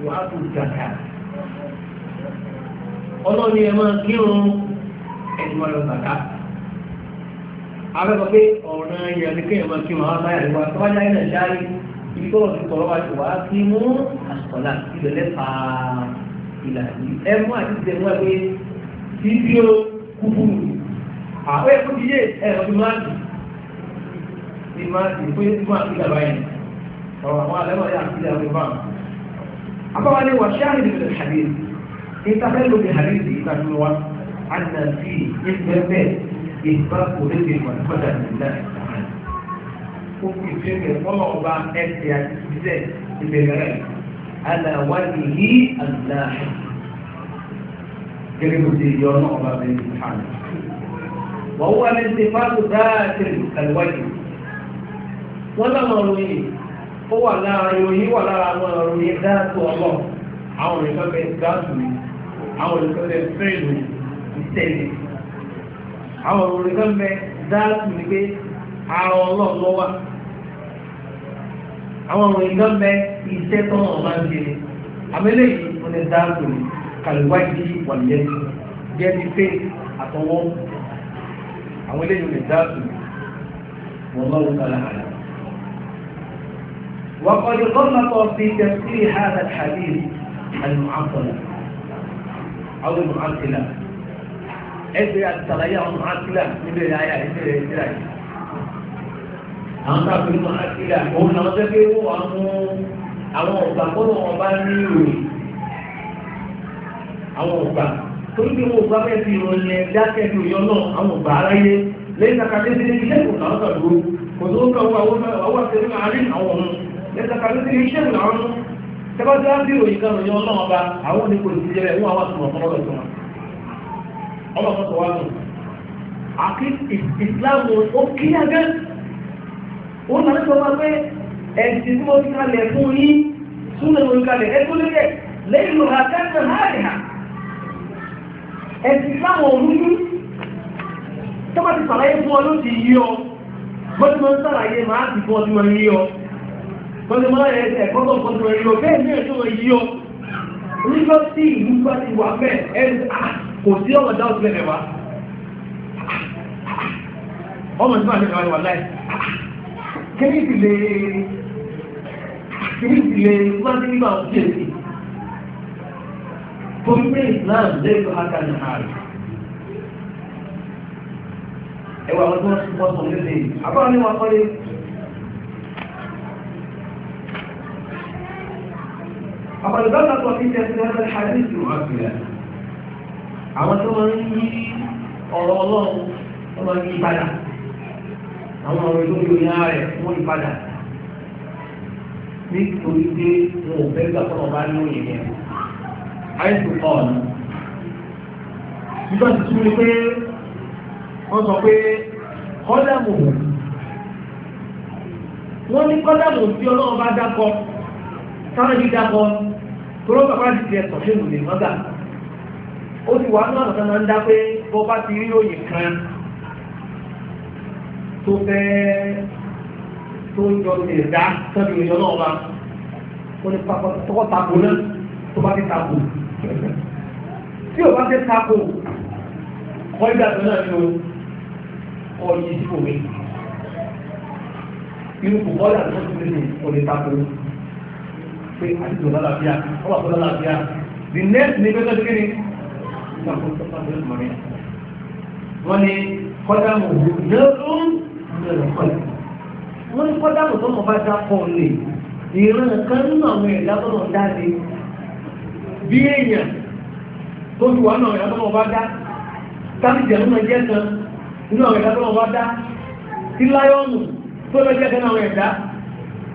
ìwà ákú ìjàkà ọlọ́ni ẹ̀ máa kírun ẹ̀dùn ọ̀rọ̀ bàtà abẹ́kọ̀ pé ọ̀ràn ìyẹn ni kéèyàn máa kírun àwọn báyà lọ́wọ́ tó bá dáyé náà dáyé ibi tó lọ sí tọ̀rọ̀ wa ti wà á kí mú àsọ̀lá ìbẹ̀lẹ̀ pàà ìlà ẹ̀ mú àti ìdẹ̀mú ẹ̀ pé fídíò kúkúrú ti máa ìpín ìpín àkídà báyìí ọ̀rọ̀ àwọn àlẹ́mọ̀ yà àkídà ló bá wọn. afọwọ́ ni wọ́n ṣáà nìyí lórí hadith ìtafẹ́ lórí hadith ìtafẹ́ wa àná sí ìgbẹ́fẹ́ ìgbà òrèké ìmọ̀lẹ́kọ̀dà nílẹ̀ ó fi fi ẹgbẹ́ fọlọ́ ọba ẹsẹ̀ àti ìṣiṣẹ́ ìbẹ̀rẹ̀ àná wà nìyí àná gẹ́gẹ́ bó ti yọ ọ́ ọba bẹ̀rẹ̀ ìṣàlẹ̀ wọ́n wá ní sèpáàtù dáàtì kàlùwájú wọ́n láwọn ọ̀rọ̀ yìí ó wà lára ìròyìn wà lára àwọn ọ̀rọ̀ yìí dáàtò ọlọ́ àwọn ọ̀rọ̀ ìfẹ́fẹ́ dáàtò mi àwọn ọ̀rọ̀ ìfẹ́fẹ́ fẹ́ẹ̀lù ìtẹ̀lẹ̀ àwọn ọ̀rọ̀ ìfẹ́fẹ́ dáàtò mi pé ara ọlọ́ lọ wà àwọn ọ̀rọ̀ ìfẹ́fẹ́ iṣẹ́ tó wọn máa ń ṣe ni àmẹ́lẹ́ yìí wọ́n ti dáàtò mi kàlùwáìdì wà lẹ́yìn jẹ́ ti pé àtọwọ́ àwọn eléyìí ò lè dáàtò mi wọ́n lọ́wọ́ sára àlà وقد غلط في تفسير هذا الحديث المعطلة أو المعطلة إذا التغيير المعطلة من الآية إلى الآية àwọn káfíń ní àkìlà òun náà jẹ́ pé wọ́n àwọn àwọn ọ̀gbà kọ́nà wọn bá ní ìròyìn àwọn ọ̀gbà dákẹ́ fi òyìn náà àwọn ọ̀gbà aráyé lẹ́yìn àkàtẹ́sí ilé ìlẹ́kùn náà kàdúró kò tó ń kọ́ àwọn àwọn àtẹ̀wé àárín àwọn ọ̀hún. يتقالوا في الشر العشر تبقى تأثيروا يكانوا يا الله أبا أعوني كل سجل هو أواسم وطلبة ثم الله قد واسم عقيد إسلام أوكي أجل wọ́n náà sọ wá pé ẹ̀sìn tí wọ́n ti kalẹ̀ fún yín súnà wọn kalẹ̀ ẹ̀kọ́ lókè lẹ́yìn ló ha kẹ́sàn láàrin ha ẹ̀sìn láwọn òrùjú tọ́pọ̀ ti sàlàyé fún ọ ló ti yí ọ bọ́dún máa ń sàlàyé máa ti fún ọ tí wọ́n yí ọ Lọ́dún máa yẹ ẹsẹ̀ kọ́tọ̀ kọ́tọ̀ ẹ̀yọ bẹ́ẹ̀ ní ẹ̀tọ́ yí ọ. Oníjọ́ tí ìlú bá ti wà bẹ́ẹ̀ ẹ̀ ah, kò sí ọmọ dá òsì lẹ́lẹ̀ wa. Ọmọ tí máa ń tẹ̀lé wa láì. Kéyìn ti lè kéyìn ti lè máa ń nígbà òsì èsì. Fọ́npé Islam lẹ́yìn àkàlẹ̀ ààrẹ. Ẹ̀wà wọn tó ń sọ sọ nílé. Àbáwọn ni wọn فقد بلغ وفيك في هذا الحديث مؤكدا àwọn tó máa ń yí ọ̀rọ̀ ọlọ́run tó máa ń yí padà àwọn ọ̀rọ̀ tó ń lo ìyá rẹ̀ wọ́n yí padà nítorí pé wọn ò fẹ́ gbà fún ọba ní òye yẹn àìsàn kọ́ ọ̀nà nígbà tí túnú pé wọ́n sọ pé kọ́dàmù wọ́n ní kọ́dàmù tí ọlọ́run bá dákọ́ táwọn yìí dákọ tóró bàbá ti tiẹ̀ sọ̀tún ìlú lè mọ́gà ó ti wà nínú àtàtà máa ń dá pé bọ́ bá ti rí òyìn kan tó fẹ́ tó jọ lè dá sọ́dọ̀ ìròyìn ọlọ́run wa ó ní pápá tako náà tó bá ti tako tí o bá ti tako kọ́ ìdàgbẹ́ náà ni o kọ́ yìí sí òwe irú kò kọ́ ìdàgbẹ́ náà ti tako pé àdìsọ lálàáfíà ọwọ́ àpò lálàáfíà the next ni pé tọ́jú kíni wọ́n ní kọ́dámù lọ́dún lọ́dún kọ́lẹ̀ wọ́n ní kọ́dámù tó mọ̀ bá dá pọ̀ lè ìran kan nínú àwọn ẹ̀dá tó mọ̀ dá lé bí èèyàn tó fi wà náà ẹ̀dá tó mọ̀ bá dá tábí jẹ̀mú náà jẹ́ kan nínú àwọn ẹ̀dá tó mọ̀ bá dá tí láyọ̀nù tó lọ kan náà ẹ̀dá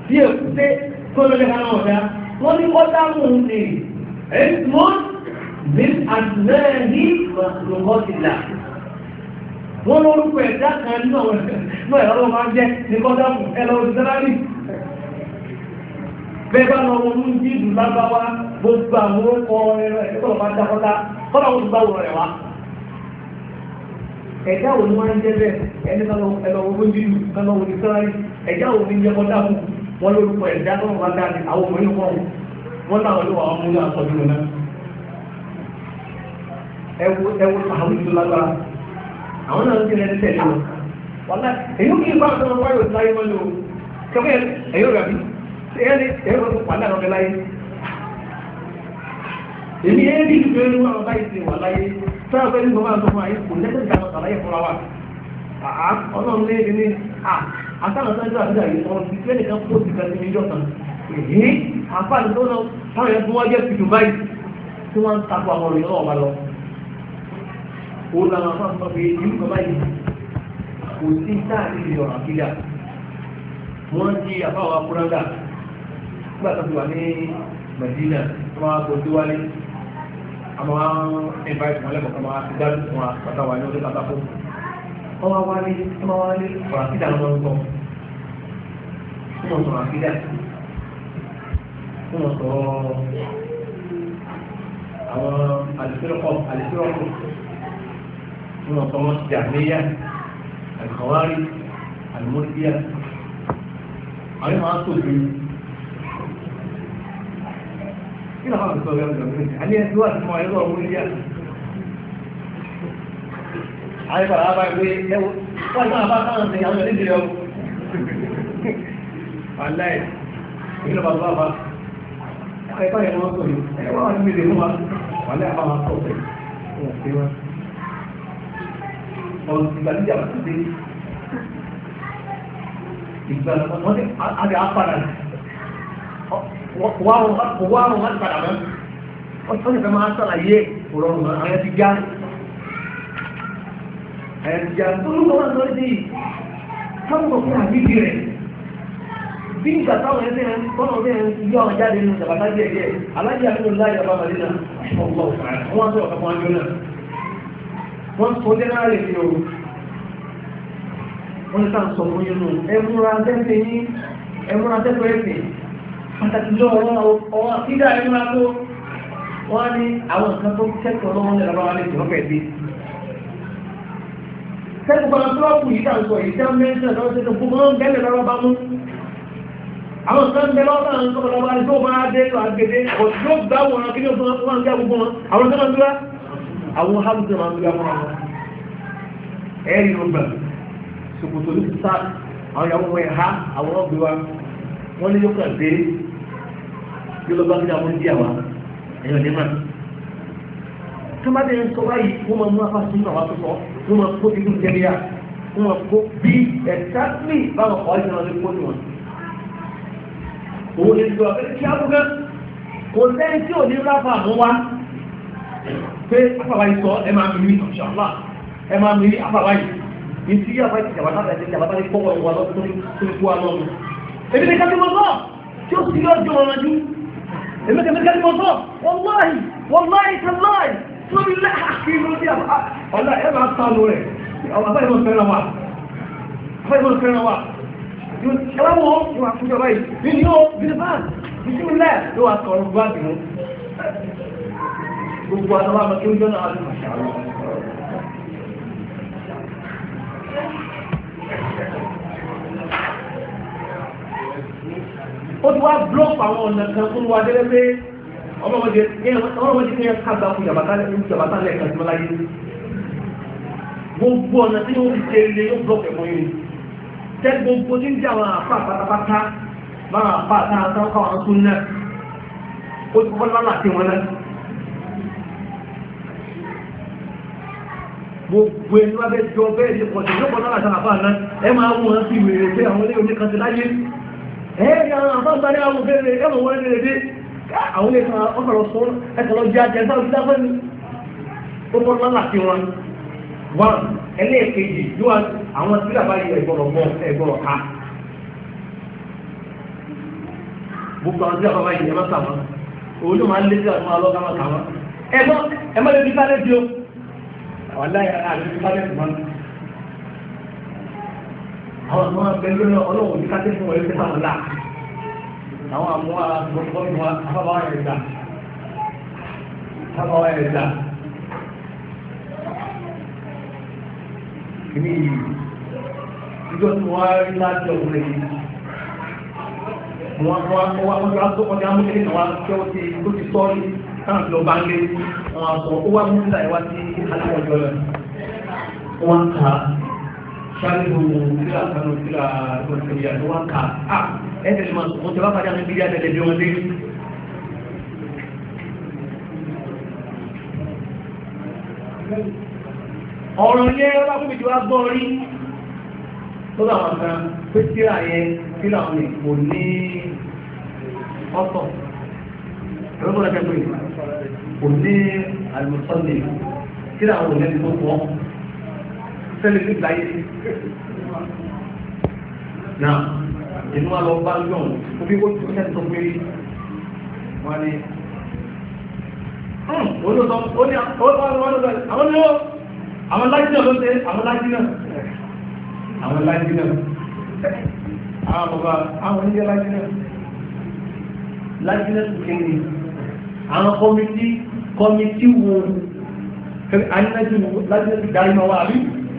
tí èkúté tó lórí kan náà dá wọ́n ní kọ́tà mú un ní ẹ̀sùn ní àtúnrẹ́ ní lọ́kọ́tìlá wọ́n lórúkọ ẹ̀dá kan nínú àwọn ẹ̀rọ ẹ̀rọ máa ń jẹ́ ní kọ́tà mú ẹ̀rọ ìsẹ́lárì bẹ́ẹ̀ bá lọ wọn ní ìlú lágbàwá gbogbo àwọn ọkọ ẹ̀rọ ẹ̀kọ́ máa ń dákọ́tà kọ́tà wọn ti bá wọ̀ rẹ̀ wá ẹ̀dá ẹni kan lọ wọ́n ìlú kan lọ ẹ̀dá wo ń jẹ́ kọ́tà mú wọ́n lórúkọ ẹ̀dá tó wà dáadé àwọn ọmọ inú wọn wọ́n láwọn ló wà ọmọ inú àtọ́jú wọn náà ẹwọ ẹwọ sàwọn ìlú lágbára àwọn náà ń tẹ̀lé ẹni tẹ̀lé wọn wàlá èyí kì í bá àwọn ọmọ wáyò láyé wọn lò kẹfẹ́ ẹ̀yọ́ rẹ̀ bí ẹ̀yọ́ ni ẹ̀yọ́ tó pàdé àwọn ọmọ láyé èmi yẹn bí ìgbé ní wọn báyìí ti wà láyé sọ́yà pé ní àtàwọn ọ̀sán ìjọba àbíjà yìí ọ̀rọ̀ sí kílẹ̀ kan kó sìkà sí ìjọ kan èyí àǹfààní tó lọ táwọn yẹn fún wọn jẹ́ ti Dubai tí wọ́n ń takò àwọn ọ̀rọ̀ yẹn ọ̀ba lọ. òun làwọn afáàfin sọ pé ìlú kan báyìí kò sí sáàlì ìlú ọ̀rọ̀ àkílẹ̀ wọ́n ti àfáwọn akúráńdà nígbà tó ti wà ní Medina wọ́n á kó síwálé àmọ́ ẹ̀fà ìfúnwálẹ̀ kọ̀ọ̀kan máa ti dá ọwọ́ wálé ọmọ wálé ọ̀rọ̀ àkídà lọ́wọ́ ń kọ́ ọmọ sọ̀rọ̀ àkídà ọmọ sọ̀rọ̀ àwọn àlùfẹ́rọ̀kọ̀ àlùfẹ́rọ̀kọ̀ ọmọ sọ̀rọ̀ jàmíyà àlùkọ̀wárí àlùmọ́ríbíà àwọn ìmọ̀ àtòjú kí ni àwọn àlùfẹ́rọ̀kọ̀ àlùfẹ́rọ̀kọ̀ àlùfẹ́rọ̀kọ̀ àlùfẹ́rọ̀kọ̀ àyípadà bá gbé ẹwọ wọn náà bá káwọn sí àwọn ìdílé ọ aláì ìlú bàbá bá ẹgbẹ́ yẹn wọ́n sọ yìí ẹwọ́ àwọn ìdílé fún wa wà láì bá wọn sọ pé wọn sí wa ọ̀rọ̀ ìgbà tí ìjà wọn ti dé ìgbà wọn ní adé apàdà wọ́n wọ́n padà mọ́ wọ́n ti fẹ́ máa sàlàyé òrọ̀rùn àwọn ẹ̀ ti gá ẹ̀jà tó ń bọ́ lọ sí káwọn kò fún àbíbí rẹ̀ bí ìgbà táwọn ẹgbẹ́ ẹ̀ bọ́lọ̀ bẹ́ẹ̀ yọ àwọn jáde nínú ìjàmbá díẹ̀ díẹ̀ alájà nínú láyé ọba màdínà ọgbọ wọn sọ ọkọ wọn jóná wọn sọ jẹnẹrẹ ní o wọn ní sáà sọ fún yín nù ẹmúra tẹ́sẹ̀ yín ẹmúra tẹ́sẹ̀ ẹ̀sìn pàtàkì lọ ọwọ́ ìdá ẹmúra tó wọn ní àwọn nǹkan tó kẹ́kọ̀ọ́ lọ́wọ́ ní ọba wa ní ìjọba sẹ́kù bá tọ́ọ̀pù yìí kà ń sọ yìí sẹ́kù mẹ́rin náà lọ́wọ́ sẹ́kù gbogbo ń bẹ́ẹ̀ lọ́wọ́ bá mú. àwọn kan bẹ lọ́wọ́ náà ń sọ lọ́wọ́ àti tó máa dé lọ àgbèdè ọ̀tí yóò gbá wọn kí yóò tó máa ń gbá gbogbo wọn àwọn tó máa ń àwọn hàlùsẹ̀ máa ń gbá wọn. ẹ̀rí ló gbà ṣòkòtò ní sá àwọn ìyàwó wọn ha àwọn ọ̀gbìn wa wọ́n ní yóò kà dé yóò lọ bá kí àwọn ìdí àwa ẹ̀yọ̀ ní mà. tó má dé ń báyìí wọ́n máa mú afásitì náà wá tó sọ wọ́n máa kó tìlú jẹ́ríà wọ́n máa kó bí ẹ̀sáàtìlì báwọn ọ̀hún ìṣẹ̀lẹ̀ ọ̀dẹ́ kó tiwọn. òun lè sọ pé kí abúgá kò sẹ́yìn tí ò ní ráfà mú wa pé afàwà yìí sọ ẹ máa mi rí ṣàlá ẹ máa mi rí afàwà yìí ní tí yàrá ti jàbátà tẹ̀sí jàbátà ní kọ́kọ́ ìwà lọ́wọ́ tó ní kú wa lọ́wọ́. èmi ní kẹ́kẹ́ mọ́ sọ tí ó sì yọ ọjọ́ ọ̀rọ̀ ju èmi kẹ́kẹ́ mọ́ sọ wọ́n láì wọ́n láì lórí láàkiri lórí ọ̀la ẹ̀ máa sá lórí ẹ̀ ọ̀la báyìí máa fẹ́ràn wa báyìí máa fẹ́ràn wa ẹ wá wọ́n ní wàá fún ìjọba yìí bí ní ó bí ní báà bí ní ó lẹ̀ ló wàá sọ̀rọ̀ gbogbo àgbẹ̀ mú gbogbo àtàwọn àmọ́ kí ó jọ́ wá búlọ́ọ̀kì àwọn ọ̀nà kan fún wa délé pé ọlọ́wọ́dé kí ẹ káàbà fún gbogbo ọ̀nà tí ó fi ṣe ilé ó blọ́ọ̀kì ẹ̀mọ́ yìí àpá náà ó ti kọ́ lọ́nà àti wọn náà gbogbo ẹni wá bẹ́ẹ̀ jọ ẹ máa mú wọn sí wèrè pé àwọn ilé oníkan ti láyé ẹ̀ẹ́dì àwọn ilé kan ọkọ̀rọ̀ sọ ẹ̀sọ̀ lọ jẹ́ ajẹ́ sáwọn ìdáfẹ́ ni ó tọ́ lọ́la sí wọn wá ẹlẹ́ẹ̀kejì yóò wá àwọn tí bàbá yìí ẹ̀gbọ́rọ̀ mọ́ ẹ̀gbọ́rọ̀ ká gbogbo àwọn tí bàbá yìí ẹ̀ má sàmá òun ló máa ń lé sí àwọn alọ́gá má sàmá ẹ̀gbọ́n ẹ̀ má lè fi sálẹ̀ di o àwọn aláìyá àti fi sálẹ̀ di wọn àwọn àwọn àwọn àmúwà gbọ́gbọ́gbọ́ àbábá ẹ̀dà àbábá ẹ̀dà ní ìjọ tí wọ́n rí láti ọkùnrin yìí wọ́n wọ́n wọ́n wọ́n wọ́n tó kọjá mú kí wọ́n tí ó ti tó ti sọ́ọ́lì káàkiri ló bá ń lé wọ́n sọ wá mú nílà ìwá sí aláwọ̀ ìjọ lọ wọ́n kà á sábẹ́bù kílà kanu kílà kọ̀tìyà tó wá kà á ẹ tẹ̀lé ma sọ wọn tẹ bá padà ní bíyà tẹ̀lé bí wọn dé. ọ̀rọ̀ yẹn ọlọ́kùnrin ti wá gbọ́ rí tó bá wọn kan pé kílà yẹn kílà wọn lè kò ní ọ̀tọ̀ ọlọ́kùnrin ti wá gbọ́ rí kò ní àlùmọ́sọ́lẹ̀ kílà wọn lè tó pọ̀ sẹ́lẹ̀ ní ìgbàyé sí. Náà, inú wa lọ bá yọ̀n, ó bí wọ́n ti sẹ́ sọ pé wọ́n ní. Olóòtọ́, hmm, ó ní àwọn ní àwọn lájí náà ló ṣe àwọn lájí náà. Àwọn lájí náà. Àwọn bàbá, àwọn oníjẹ́ lájí náà. Lájí náà tún kéde. Àwọn kọ́mítì kọ́mítì wo? Lájí náà tún dárí máa wá àbí?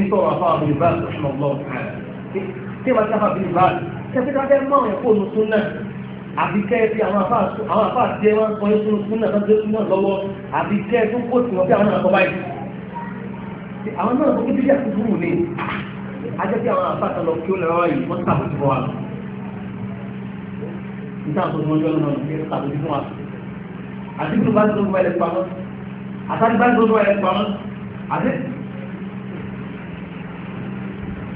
ń tọ́ àfa àbúrò bá ṣọ̀ṣọ̀ lọ. tí wọ́n ti àfa àbúrò bá kẹ́kẹ́ tó fẹ́ mọ àwọn ẹ̀kọ́ ònú súnà àbí kẹ́ẹ̀tì àwọn àfa àti ẹ̀wọ̀n kan ń sún súnà tó ń gbé súnà lọ́wọ́ àbí kẹ́ẹ̀ tó kó tì wọ́n bí àwọn náà kọ́ báyìí. àwọn náà kò kíkí àti burú ni ajẹ́ kí àwọn àfa àtàlọ́ kí ó lọ́wọ́ yìí wọ́n tàbí bọ́ wa. nígbà tó ń mọ́jọ́ náà tàbí àti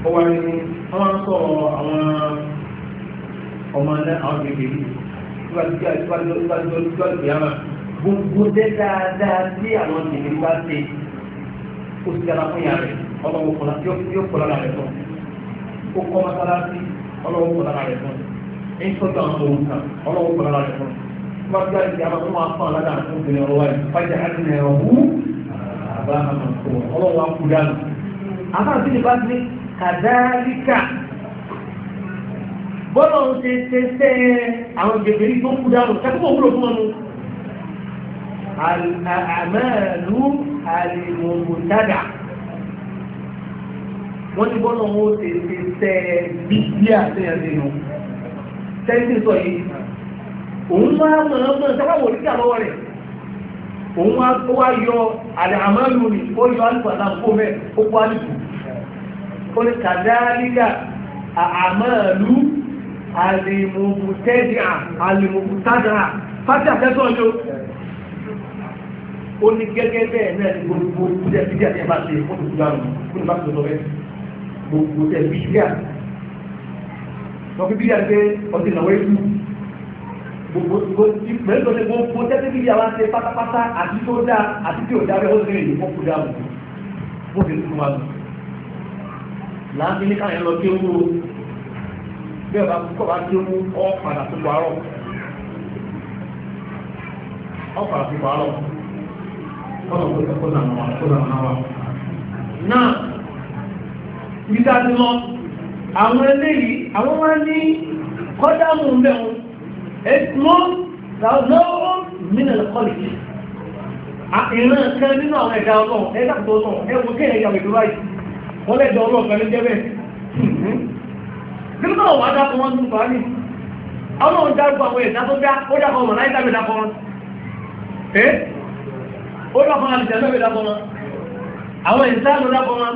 ó wá ní wọ́n máa ń sọ àwọn ọmọ náà àwọn kékeré gbogbo dé dáadáa tí àwọn kékeré bá ṣe ó ti dára fún yàrá rẹ̀ ọlọ́wọ́ kọ́lá yóò kọ́lá rẹ̀ tán ó kọ́ mọ́sálásí ọlọ́wọ́ kọ́lá rẹ̀ tán ń tọ́jú àwọn ohun kan ọlọ́wọ́ kọ́lá rẹ̀ tán gbàgbà ìdí àwọn tó máa fún aládàá tó bẹ̀rẹ̀ ọwọ́ ẹ̀ fàjà àti ẹ̀rọ wú àbá àmọ̀ ọlọ́wọ́ akúdánù àbá àti ìbá ti kàdáríkà bọ́lá ń ṣe ṣe ṣe àwọn jẹ̀bẹ̀rí tó kú dáhùn ṣàkóso wúlò fún ọnu. àmàlú wọ́n ti bọ́lá ń ṣe ṣe ṣe bíbí sọ yìí òun mọ̀ ọ́n mọ̀ rẹ̀ òun wá yọ ni ó yọ àlùfàlà fún mẹ́ ó ní kàdáríkà àmàlú àlèmọ̀bùtẹ́dìà àlèmọ̀bùtádà fásitì àtẹ́sọ̀ ni ó ó ní gẹ́gẹ́ bẹ́ẹ̀ náà ní gbogbo bíjà bíjà tí a bá ṣe fún ìlú àrùn fún ìlú àti ọ̀sọ̀rẹ́ gbogbo tẹ̀ bíjà lọ́kí bíjà pé ọtí ìnáwó ètù gbogbo pẹ̀lú tó ṣe gbogbo tẹ́tí bíjà wá ṣe pátápátá àti tó dáa àti tí ò dáa bẹ́ẹ̀ ó ṣe èyí fún ìlú àrùn fún ìlú àrùn láti ní káyọ̀ lọ kí ó wúro bí ọba kọ́ bá kí ó wú ọ́ padà tó parọ́ ọ́ padà tó parọ́ kọ́nà kó tó kó nàá wà kó nàá wà. náà bí ká ti lọ àwọn eléyìí àwọn wá ní kọ́dá mú un bẹ́ẹ̀ ẹ̀sùn lọ́wọ́ mìíràn kọ́lìkì ìran kan nínú àwọn ẹ̀dá ọlọ́run ẹ̀dá tó sọ̀rọ̀ ẹ̀wọ̀n kéèyàn yàwó ìdúrà yìí wọ́n lẹ́jọ́ ọlọ́ọ̀kan ló jẹ́ bẹ́ẹ̀. nínú náà wàá dákọ̀ wọn nínú fàánì ọlọ́run dárúkọ àwọn ẹ̀dá tó dá ó dákọ̀ wọn láì dábẹ̀ dákọ̀ wọn. ẹ ó dákọ̀ wọn àlùjá lọ́bẹ̀ dákọ̀ wọn àwọn ẹ̀dá ló dákọ̀ wọn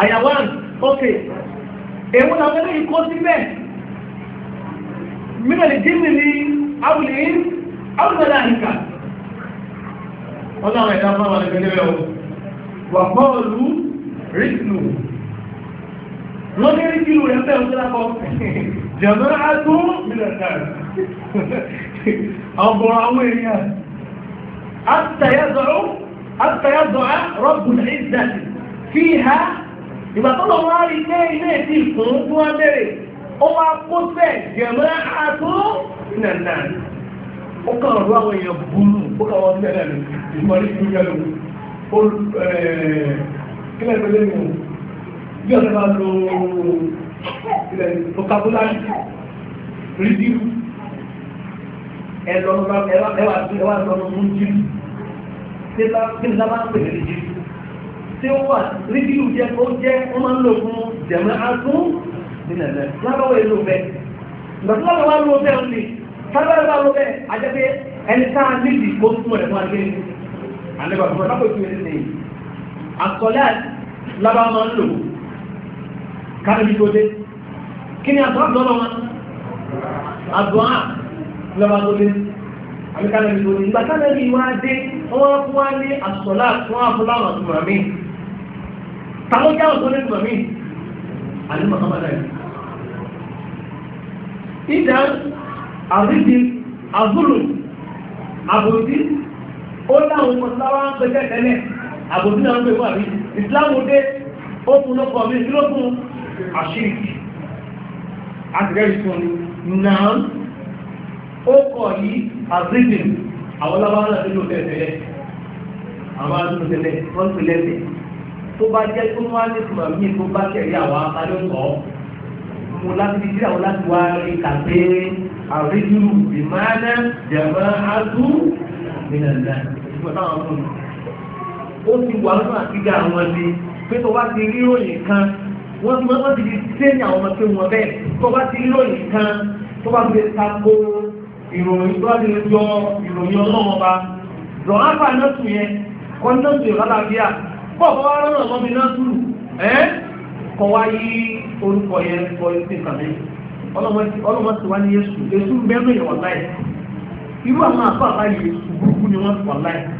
àyàwán ókè èwo làwọn eléyìí kó síbẹ̀ mílíọ̀nù jíìnì ni àwùlé àwùlé àyíká ọlọ́run ẹ̀dá fún àwọn ẹ̀dá ríkìlù wọ́n ní ríkìlù rẹ̀ bẹ́ẹ̀ tó lákọ̀ jẹ̀mọ́ àtó mílẹ̀dà ọgbọ̀n àwọn èèyàn àtàyàzọ̀ rọ́bùn ìdà fi ha ìgbà tó lọ́wọ́ rí pé ilé ìdí ìfún tó wá bẹ̀rẹ̀ ó máa kó sẹ́ jẹ̀mọ́ àtó mílẹ̀dà kílẹ̀ ìpínlẹ̀ mi bí ọ̀sẹ̀ máa lo ilẹ̀ vocabulary review ẹ̀rọ ẹwà tí ẹwà lọ lọ mú jírí tí ní sábà ń pèsè lè jírí tí ó wà review jẹ́ ó jẹ́ ó máa ń lò fún jẹ̀mọ́ àtún nínú ẹ̀rẹ́ lábáwọ̀ èlò bẹ́ẹ̀ ìgbàtí wọ́n wá lọ bẹ́ẹ̀ ní sábà bá lọ bẹ́ẹ̀ àjẹpẹ́ ẹni tá nídìí kó fún ẹ̀ lápò ìpínlẹ̀ lábá máa ń lò káàbí tó dé kí ni àdúrà lọ́lọ́ wọn àdúrà lọ́lọ́ tó dé àbí káàbí tó dé ìgbà káàbí wá dé wọ́n fún wa ní àsọ̀lá fún wa fún láwọn àtúmọ̀ mi tàwọn jáwọ́ tó lé tùmọ̀ mi àní Muhammad ali ìdá àrídì àbúrò àbòdì ó láwọn ọmọ sáwá ń pẹ́ tẹ́tẹ́lẹ̀ àbòdì náà ń pẹ́ fún àrídì ìsìláàmù dé ó fún lọ́kọ̀ mi kí ló fún àṣírí àtìrẹ́rì fún ni náà ó kọ̀ yìí àzíjìn àwọn lábára náà nínú tẹ̀lẹ̀ àwọn àdúgbò tẹ̀lẹ̀ wọ́n ti lẹ́sẹ̀ tó bá jẹ́ tó wá ní ìtumọ̀ mí tó bá tẹ̀lé àwọn akálẹ́kọ̀ọ́ mo láti rí àwọn láti wá rí kàpé àrídìrú ìmáná jẹ̀mọ́ àdú nínú ẹ̀dá ìgbà fún mi. ó ti wà ga àtijọ́ àwọn ẹbí pé tó bá ti rí ròyìn kan wọ́n ti wọ́n ti di sẹ́yìn àwọn ọmọ pé bẹ́ẹ̀ tó bá ti rí ròyìn kan tó bá ti tako ìròyìn tó bá ti yọ ìròyìn ọlọ́wọ́n ba tù yẹn kọ́ tù yẹn lọ́nà ọmọ mi tù ẹ́ kọ́ wá yí orúkọ yẹn kọ́ sí ọlọ́mọ ti wá ní mẹ́rin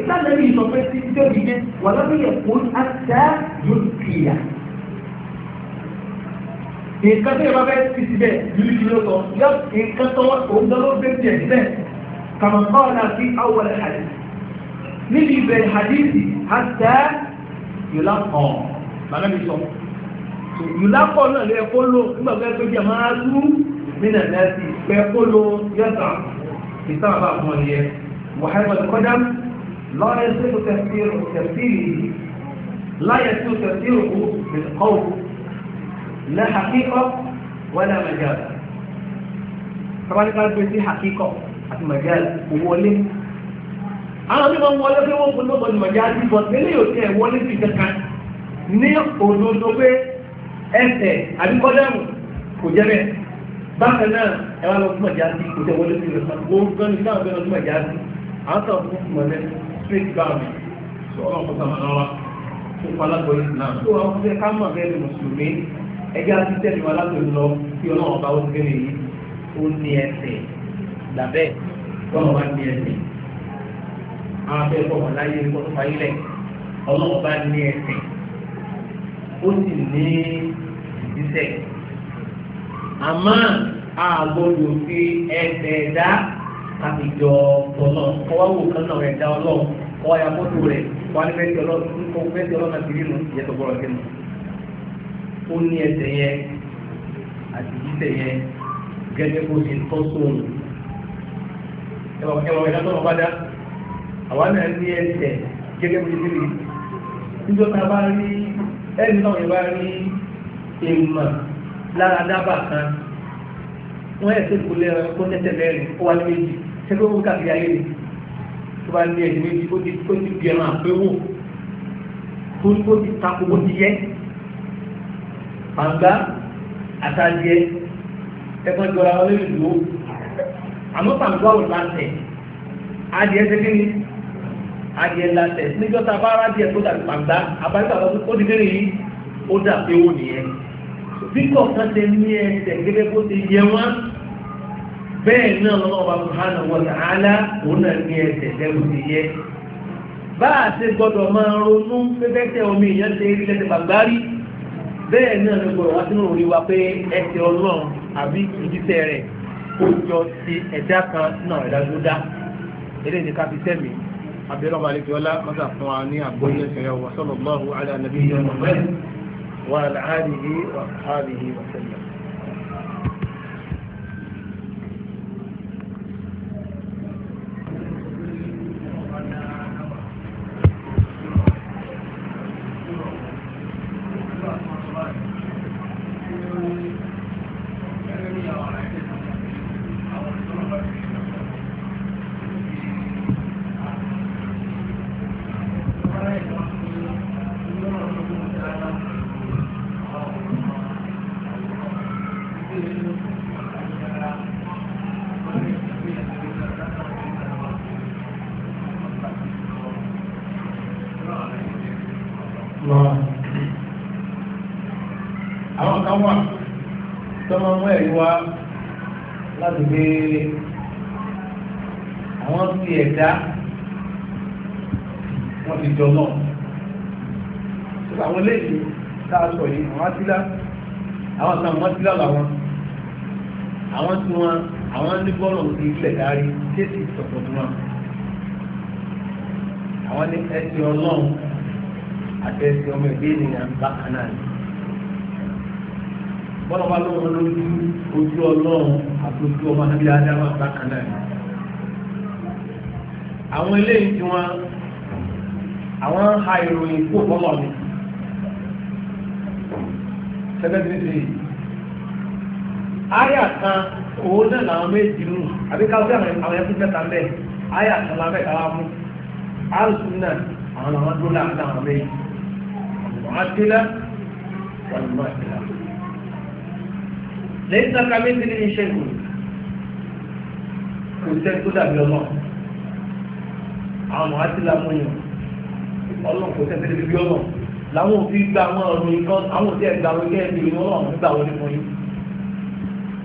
ìtàlẹ́bí sọ pé tí tí ó fi dé wà lábẹ́yẹ̀ kó àtà yóò kìlà. nǹkan tó yẹ bá bẹ́ẹ̀ ti ti bẹ́ẹ̀ yìí ti ló sọ yọ nǹkan tó òun ló gbé tiẹ̀ síbẹ̀ kàmá báwọn náà fi awọlé hàdí. níbi ìbẹ̀rẹ̀ hàdíìsì àtà yóò lápọ̀ bàbá mi sọ. yóò lápọ̀ náà lè kó lò nígbà tó yẹ máa dúró nínú ẹ̀dá sí pé kó lò yọ̀tà ìtàn àbá àmọ́ yẹ wàhálà kọ́dá. لا يصح تفسير تفسيره لا يصح تفسيره بالقول لا حقيقة ولا مجال طبعا كانت بيتي حقيقة مجال وولي àwọn tí wọ́n wọlé pé wọ́n fún lọ́gbọ̀n ìmọ̀já sí bọ̀ nílé yóò tẹ̀ wọlé sí kankan ní òdodo pé ẹsẹ̀ àbíkọ́dẹ́mù kò jẹ́ bẹ́ẹ̀ bákan náà ẹ wá lọ fún ìmọ̀já sí kò tẹ̀ wọlé sí rẹ̀ wọ́n gan ní sáwọn bẹ́ẹ̀ lọ fún ìmọ̀já àwọn sọ̀rọ̀ fún ìmọ̀já straight down so ọlọ́run kó sàmà náà wá tó kọ́ alágbó islam tó àwọn ọmọdé ká mọ̀ bẹ́ẹ̀ ni mùsùlùmí ẹgbẹ́ àti tẹ̀lé wa láti lọ kí ọlọ́run ọba ó ti gbé nìyí ó ní ẹsẹ̀ làbẹ́ ọlọ́run bá ní ẹsẹ̀ àwọn abẹ́ bọ̀ wọ́n láyé kó tó fayé lẹ̀ ọlọ́run bá àbíjọ tọ̀nà kọ́wáwò kan náà rẹ̀ dá ọlọ́run kọ́wá ya mọ́tò rẹ̀ wà ní fẹ́ẹ́ tí ọlọ́run àti rírun ìyẹn tó gbọ́dọ̀ sínú. ó ní ẹsẹ̀ yẹn àti ìdísẹ̀ yẹn gẹ́gẹ́ bó ṣe tọ́ sóun. ẹwà ẹ̀dá tọ́nà bá dá àwa náà ní ẹsẹ̀ gẹ́gẹ́ bó ṣe tẹ̀lé. níjọ́ ta bá rí ẹni náà yẹn bá rí èèmọ̀ lára dábàá kan wọ́n yẹ kó lè kó tẹ́tẹ́ lẹ́rìn ó wá ní méjì ṣẹlẹ̀ owó káàkiri ayé ni tó bá ní ẹni méjì ó ti ó ti bí ẹran àpéwò tó ó ti takò ó ti yẹ pàǹgá àtàjẹ ẹgbọn jọra wọn lórí ìlú àmọ́ pàǹgá ò láṣẹ adìẹ ṣe kí ni adìẹ láṣẹ níjọ́ tá a bá rà díẹ̀ tó dàbí pàǹgá àbájá àwọn ó ti kéré yìí ó dàbí owó nìyẹn bí kọ̀ọ̀kan ṣe ní ẹsẹ̀ gẹ́gẹ́ bó ti yẹ wọ́n bẹ́ẹ̀ náà lọ́wọ́ bá buhari wọ́n ti hàlá òun náà ní ẹsẹ̀ lẹ́rù ti yẹ. bá a ṣe gbọ́dọ̀ máa ronú pẹ́pẹ́tẹ́ omi èèyàn ṣe rí lẹ́sẹ̀ bàgbárí bẹ́ẹ̀ náà ló gbọ́dọ̀ wá sínú orí wa pé ẹsẹ̀ ọlọ́run àbí ìdísẹ́ rẹ̀ kó jọ ti ẹ̀dá kan náà ẹ̀dá tó dá eré ní káfí sẹ́mi abẹ́rẹ́ ọba àlejò mọ́tà fún wa ní àgbóyè ìṣẹ̀rẹ̀ wa sallallahu ala nabiyyi wa alihi jọ náà àwọn yìí àwọn atílá àwọn atílá làwọn àwọn tí wọn àwọn ní àwọn ń ha ìròyìn kó bọ́lọ̀ ni sẹ́kẹ́tìrì sí àyà kan òun náà làwọn méjì nù àbí káwé àwọn ẹkú mẹ́ta mẹ́ àyà kan làwọn mẹ́ta wà mú àrùsùn náà àwọn làwọn dúró láàrin àwọn méjì àwọn àdúrà wọn ni wọn àdúrà lẹ́yìn náà ká méjì ní iṣẹ́ ìwòye kò sẹ́ni tó dàbí ọlọ́run àwọn àti làwọn ọlọ́run kò tẹ́tẹ́ lébi ọ̀nà làwọn òfin gba àwọn ọ̀run nǹkan àwọn òfin ẹ̀gbà wọn kẹ́ ẹ̀mí wọn àwọn gbà wọlé fún yín.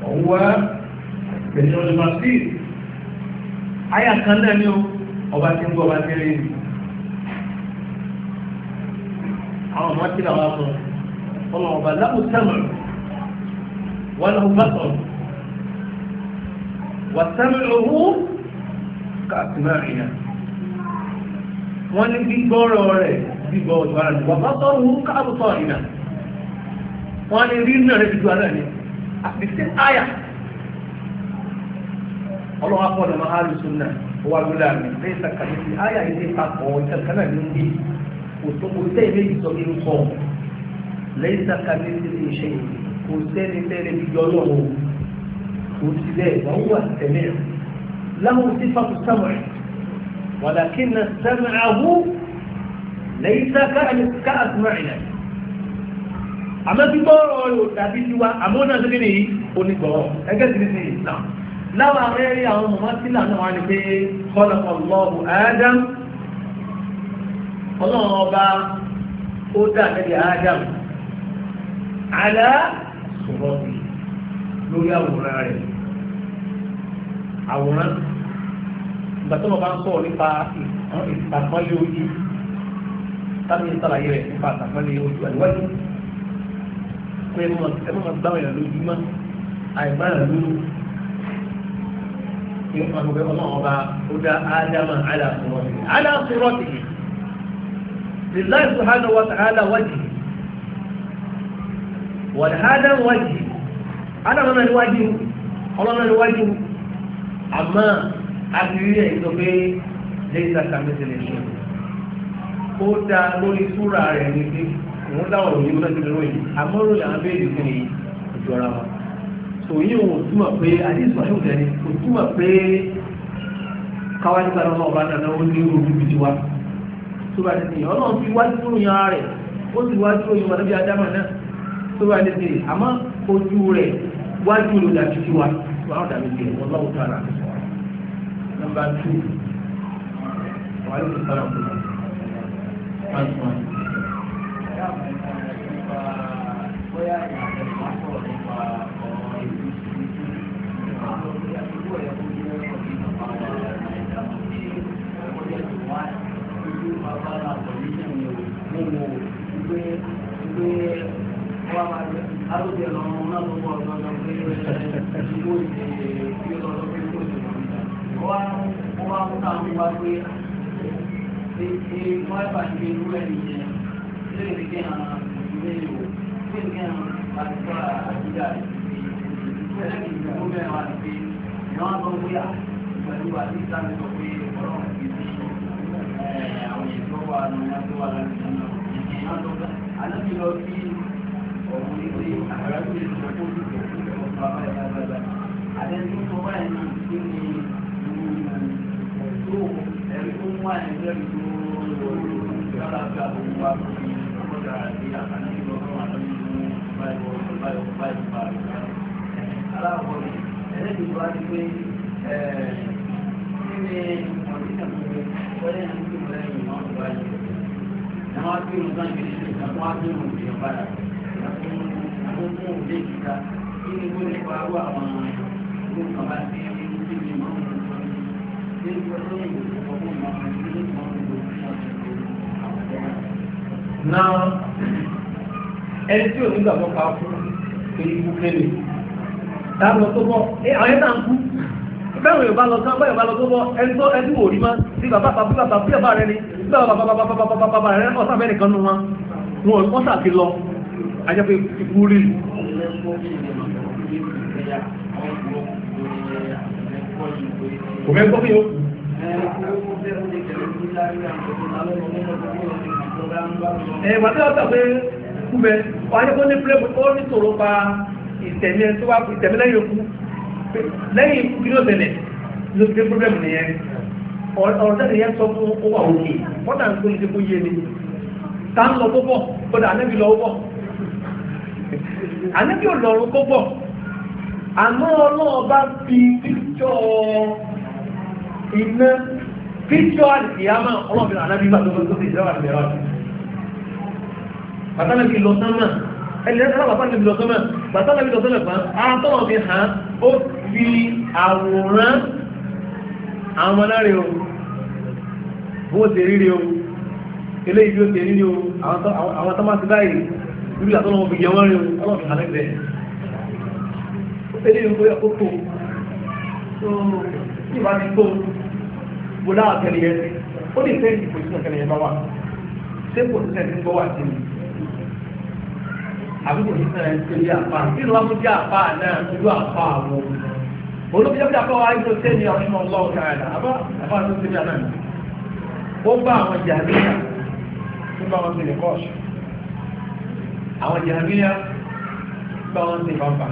ọ̀wá ẹ̀yìn ọ̀dọ̀ máa sí àyà kan náà ni ó ọba ti ń gbọ́ ọba ti rí àwọn ọmọ tí làwọn sọ ọlọ́run ọba láwùjọ sẹ́mọ̀ wọn làwọn bá sọ̀rọ̀ wàtẹ́mìlú kàtìmáà yẹn wọ́n ní gbígbọ́rọ̀ rẹ̀ gbígbọ́ ọ̀tọ̀ ara rẹ̀ bàbá sọ̀rọ̀ wọn káàbù sọ̀rọ̀ ìnà wọ́n ní rí náà rẹ̀ gbígbọ́ ara rẹ̀ àti sí àyà ọlọ́wọ́ akọ́lọ́ máa hálù súnà wà lóla mi lẹ́yìn sàkàlẹ́ sí àyà ilé papọ̀ ìtẹ̀kẹ́ náà ló ń gbé kò tẹ́ ilé ìsọ inú kọ́ lẹ́yìn sàkàlẹ́ sí ìṣe kò sẹ́ni tẹ́lẹ̀ gbígbọ́ ọlọ́wọ́ kò sí bẹ́ẹ̀ wọ́n wà tẹ̀lé láwọn sí fàkùsámọ̀ rẹ̀ ولكن سمعه ليس كأسمعنا àmọ́ tí gbọ́rọ̀ ọ̀rọ̀ tàbí tiwa àmọ́ náà tó kéde yìí onígbọ̀rọ̀ ẹgbẹ́ ti ní ìsìlám láwọn arẹ́ rí àwọn ọmọ sílà náà wà ní pé kọ́lọ̀kọ̀ lọ́ọ̀bù Adam ọlọ́run ọba ó dà níbi Adam àlá sọ̀rọ̀ lórí àwòrán rẹ̀ àwòrán ìgbà tó wọn bá ń sọ̀rọ̀ nípa ìtàkọ́lé ojú tábí ń sàlàyé rẹ̀ nípa ìtàkọ́lé ojú àìwájú pé ẹ mọ̀ gbá wọn lójú mọ́ àìgbá wọn lójú ní ọgbẹ́ ọlọ́run ọba ó dá ádámà aláàfúrọ́tì aláàfúrọ́tì lillahi subhanahu wa ta'ala wájì wọ́n ádám wájì ádámà náà ni wájì ọlọ́run ni wájì àmọ́ àbírí ẹ̀ sọ pé lẹ́yìnsá kàmẹ́sẹ̀ lè ṣe ó dá lórí súra rẹ̀ ní pé òun dáwọn òní wọn ti lóyìn àmọ́rò làwọn béèrè fún yìí ojú ara wa tòyí ò túmọ̀ pé àdéhùn àyè òjẹ́ ni kò túmọ̀ pé káwájú kan náà ọba náà ó ní ojú bìtì wa tó bá ti sìn ọlọ́run fi wájú tó yan rẹ̀ ó sì wájú tó yan wọn níbi adámọ̀ náà tó bá ti sìn àmọ́ ojú rẹ̀ wájú ló dàbí tiwa wọn dàbí tiẹ̀ wọn lọ́wọ́ tó ara rẹ̀ sọ nọ́mbà two wà lóko sọ̀rọ̀ kù one one. bóyá ìrìnàjò máa ń bọ̀ nípa ọ̀rọ̀ ìlú ìlú ìlú ìlú ìlú Gracias wá ó wá mú káwọn wá pé ṣe wọ́n ẹ̀fà ṣe irú ẹ̀ nìyẹn ṣé lè kí hàn ìdílé yìí o ṣé lè kí hàn àtúntò àtijọ́ ìdílé yìí ìdílé tó bẹ̀rẹ̀ wá ní pé ìyá wọn tó ń wíyà pẹ̀lú àti ìsàlẹ̀ sọ pé ọlọ́run ti ní ṣe lè sọ fún ìgbà tó ń bá báyìí lágbàdà àdéhùn ẹ̀rí tó mú àyẹ̀jẹ́ mi tó yára gba òun wá fún mi ọgbọ́dọ̀ àti àkànní ìlú ọdún àtọ́jú fún báyìí ọdún báyìí ọdún báyìí bá rẹ̀ aláwọ̀ rẹ̀ ẹlẹ́bi wá sí pé kí ni ọ̀dínkà tó rẹ̀ wọlé ní kí wọ́n lẹ́yìn ìmọ̀ ọ̀dún báyìí ẹ̀ wọ́n á gbé òun ní ìṣẹ̀lẹ̀ wọ́n á gbé òun ìyẹn padà àwọn mú òun lé kíkà kí ni wọ́n lè parọ́ àwọn ìlú kan bá ti ń náà ẹni tí òní gbàgbọ́ ká kú pé ikú kéde táàbù tó bọ̀ ẹ àwọn ẹ̀dá ń kú yóò bá lọ bá lọ tó ẹni tó ẹni wò rí má bàbá bàbá bí rẹ ni bí bàbá bàbá bàbá bàbá bàbá rẹ ọ̀sán nìkan nù kò mẹ́kọ́ bí ó ẹ̀wọ̀n tí wọ́n tọ̀ pé kúbẹ̀ wọ́n ní kó ní pílẹ̀mù ó ní tòrò pa ìtẹ̀mí tó wá ìtẹ̀mí lẹ́yìn okú lẹ́yìn ikú kí ló tẹ̀lẹ̀ ló ti dé pílẹ̀mù nìyẹn ọ̀rọ̀ tẹ́lẹ̀ yẹn sọ fún owó àwọn òkè wọ́n tà ń kó ìdíkó yé ni tá ń lọ tó bọ̀ kódà ànẹ́bí lọ ó bọ̀ ànẹ́bí ò lọ ó àmọ́ ọlọ́run bá fi píjọ́ iná píjọ́ àdìyàmá ọlọ́run ànábì bá tó tó ti ìjọba àti mẹ́rọ. bàtà nàbí lọ sánmà ẹlẹ́yìn sábà bàtà nàbí lọ sánmà bàtà nàbí lọ sánmà pa ara tó wọn fi hàn ó fi àwòrán àwọn ọmọ náà rè o bó ṣe rí rè o eléyìí bí ó ṣe rí rè o àwọn tó máa ti báyìí ibi àtọ́nà wọn fi yẹ wọ́n rè o ọlọ́run ànábì bẹ́ẹ̀ eléyìí tó yẹ kó tó tó tí ìbá ti tó bó láà tẹ̀lé yẹn ó lè fẹ́ ìdìbò ìṣúná tẹ̀lé yẹn bá wà ṣé kò sísẹ̀ ní gbọ́ wà sí mi àbí kò sísẹ̀ ní torí àpá kí ló wá mú jẹ́ àpá náà irú àpá àwọn olóbi jẹ́ pé àpá wa yóò tẹ́ ní àwọn ọmọ ọlọ́wọ́ káyàdá àbá àpá tó ti rí àná ó bá àwọn jàdíyà tó bá wọn ti lè kọ́ ọ̀ṣù àwọn jàdíyà bá wọn ti bàbà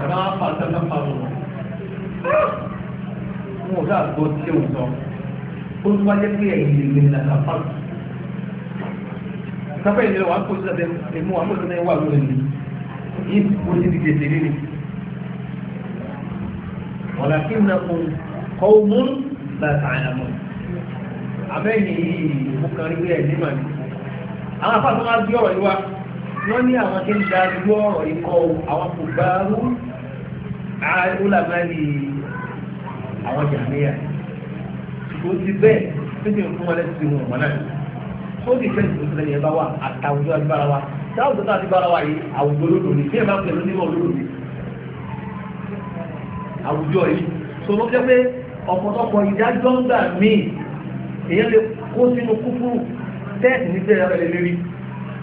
bàbá wa fà sẹ́fẹ́ fà wọ́n. wọn ò dáa gbọ́ tí o sọ ó tún wáyé pé ẹ̀yìn ìlú ni làkà fà. sábà ìlú wa kó sílẹ̀ ẹ̀mú wa kó sílẹ̀ wà lórí mi yìí kó sí ti gèsè rí mi. wàlàkì nà kó kọ́ mú bàtà àyàmọ́ àbẹ́yìn yìí mo kàn rí ẹ̀ nígbà mi. àwọn afáàtúmọ̀ á ọ̀rọ̀ yìí wá wọ́n ní àwọn tí ń darí ọ̀rọ̀ ikọ̀ àwọn kò bá rú àìlàmẹ́lì àwọn jàmíyà tó ti bẹ́ẹ̀ tó ti fún wọn lẹ́sìn wọn mọ́nà tó ti fẹ́ tó ti lẹ́yìn bá wà àtàwùjọ àdìbára wa táwùjọ tó àdìbára wa yìí àwùjọ lódò ní bí ẹ máa ń pẹ̀lú nímọ̀ lódò ní àwùjọ yìí tó ló jẹ́ pé ọ̀pọ̀lọpọ̀ ìdájọ́ ń gbà míì èèyàn lè kó sínú kúkúrú tẹ́ẹ̀sì ní bẹ́ẹ̀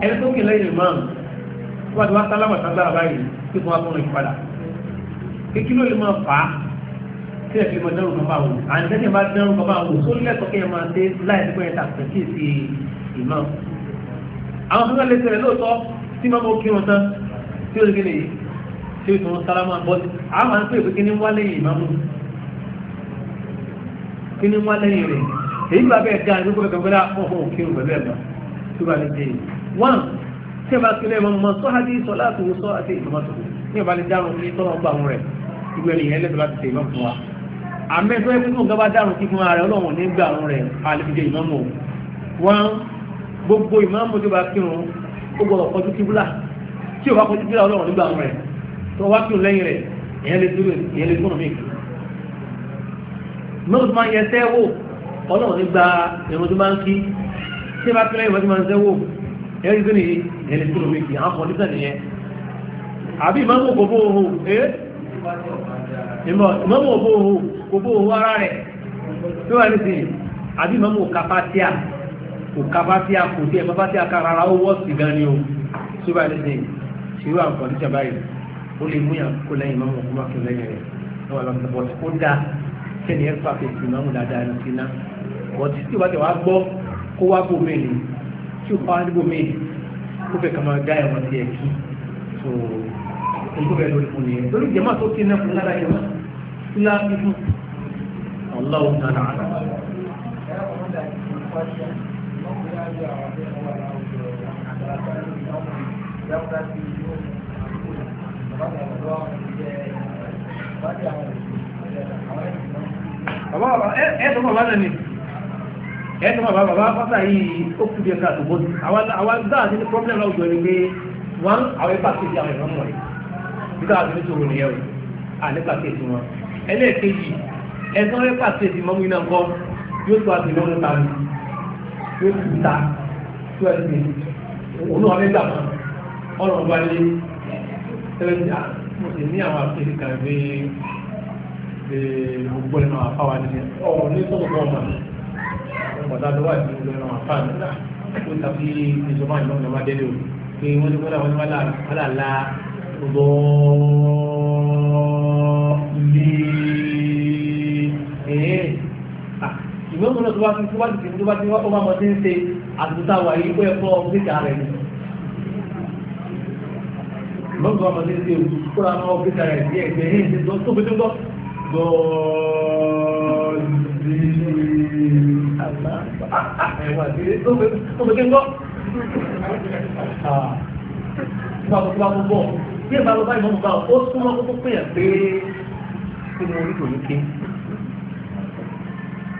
ẹni tó kì lẹ́yìn imam tó bá ti wá sálámà sálámà báyìí kí fún wa fún rẹ̀ padà kékeré ló lè máa fà á tí ẹ̀ fi máa dẹ́rù bàbá wò àti tẹ́tẹ́ bá dẹ́rù bàbá wò tó lẹ́tọ̀ọ́ kí ẹ máa dé láì sí pé ẹ tàbí kí èsì imam. àwọn fúnra lè tẹ̀lé lóòótọ́ tí máa mọ kírun tán tí ó lè ṣe ìtàn sálámà bọ́ọ̀lì àwọn máa ń pè pé kí ni wá lẹ́yìn imam kí ni wá lẹ́yìn rẹ̀ èyí bá bẹ́ẹ̀ dáa ní kó fẹ́ kọ́ fẹ́ dá ọ̀hún ah, pẹ̀lú ẹ̀ One, tí a bá sílẹ̀ ìmọ̀ mọ́ sọ́hádì sọ́lá àtòwò sọ́ àti ìmọ̀ tó ní ọba lè dárun ní tọ́lọ́ gbà wọn rẹ̀ ìwé ẹ̀yìn ẹlẹ́dọ̀ láti tẹ ìmọ̀ fún wa àmẹ́fẹ́ fún ọ̀gá bá dárun kí fún ara ọlọ́run ní gbà wọn rẹ̀ àlejò ìmọ̀ mọ̀ wọ́n gbogbo ìmọ̀ mọ́ tó bá kírun ó gbọ́dọ̀ kọjú kíbúlà tí o bá kọjú kíbúlà ọlọ́run ní gbà wọn rẹ̀ tó wá kírun lẹ́yìn rẹ̀ ìyẹn lè dúró ìyẹn lè dúró míì mọ́tò máa yẹ sẹ́wó ọlọ́run ní gba máa ń kí tí bá kírun ìwọ́n tó máa ń sẹ́wó ẹ̀rí tó ní ẹni tó lómi kì í àwọn kọ̀ọ̀dísà nìyẹn àbí ìmọ̀mù kò bó ohun ẹ́ ìmọ̀mù kò bó ohun kò bó ohun ara rẹ̀ tó wà nísìnyí àbí ìmọ̀mù kàpátíà kò kàpátíà kò sí ẹ̀mọ́ pátíà ká rárá ó wọ́ gan ni o tó wà nísìnyí ṣírú àwọn kọ̀ọ̀dísà báyìí ó lè mú yàn kó lẹ́yìn ìmọ̀mù kó má kí lẹ́yìn rẹ̀ ní wà lọ́sọ̀ bọ́t ó dá kẹ́ni ẹ̀ fà fèsì dáadáa ní síná tí o bá wá níbo míì kó fẹ́ kà máa dá ẹ̀wọ̀n tiẹ̀ kí so èyí bẹ́ẹ̀ lórí fún nìyẹn lórí jẹ̀má tó kí náà fún lára jẹ̀má fún lára fi fún Allah ta nà Bàbá ẹ ẹ sọ fún bàbá náà ni ẹ̀ẹ́dùn bàbá bàbá pátá yìí ó kú díẹ̀ káàtó bó àwọn gbáà nínú pọ́blẹ́mù láwùjọ ni pé wọ́n àwọn ẹgbà kejì àwọn ìran mọ̀ yìí nígbà tó ní tòun nìyẹn o ànígbà kejì wọn ẹlẹ́ẹ̀kejì ẹ̀sán ẹgbà kejì mọ́mú iná kọ́ yóò tó àti lọ́mú ta ni yóò tù ta tó ẹ̀ ti òun náà mẹ́ta mọ́ ọ̀rọ̀ ọba lé ẹlẹ́dà mo sì ní àwọn akéde kan bí gbogbo ẹ̀ náà àfáwá nìyẹn ọ̀ ní sọ̀rọ̀ ọ̀dà tó wà ní ìlú ẹran àfáà ní ó tàbí ìjọba ìlú ọ̀nà máa délé o pé wọ́n ní kọ́dà wọ́n ní wọ́n là la gbogbo ilé ìwé ọmọ náà tó wá tó wá ti tó bá ti wá ọmọ ọmọdé ń ṣe àtúntà wà yìí ó yẹ kọ́ ọ́fíìsì rẹ̀ ni lọ́gbọ̀n ọmọdé ń ṣe kóra ọmọ ọ́fíìsì rẹ̀ sí ẹgbẹ́ yìí ń ṣe tó tó fi tó gbọ́ gbọ́ọ́ bí ẹ bá lọ bá ìmọ̀ mọ̀ bá ó súnmọ́ kókó pé ẹ̀ pé kí mo rí tòun ké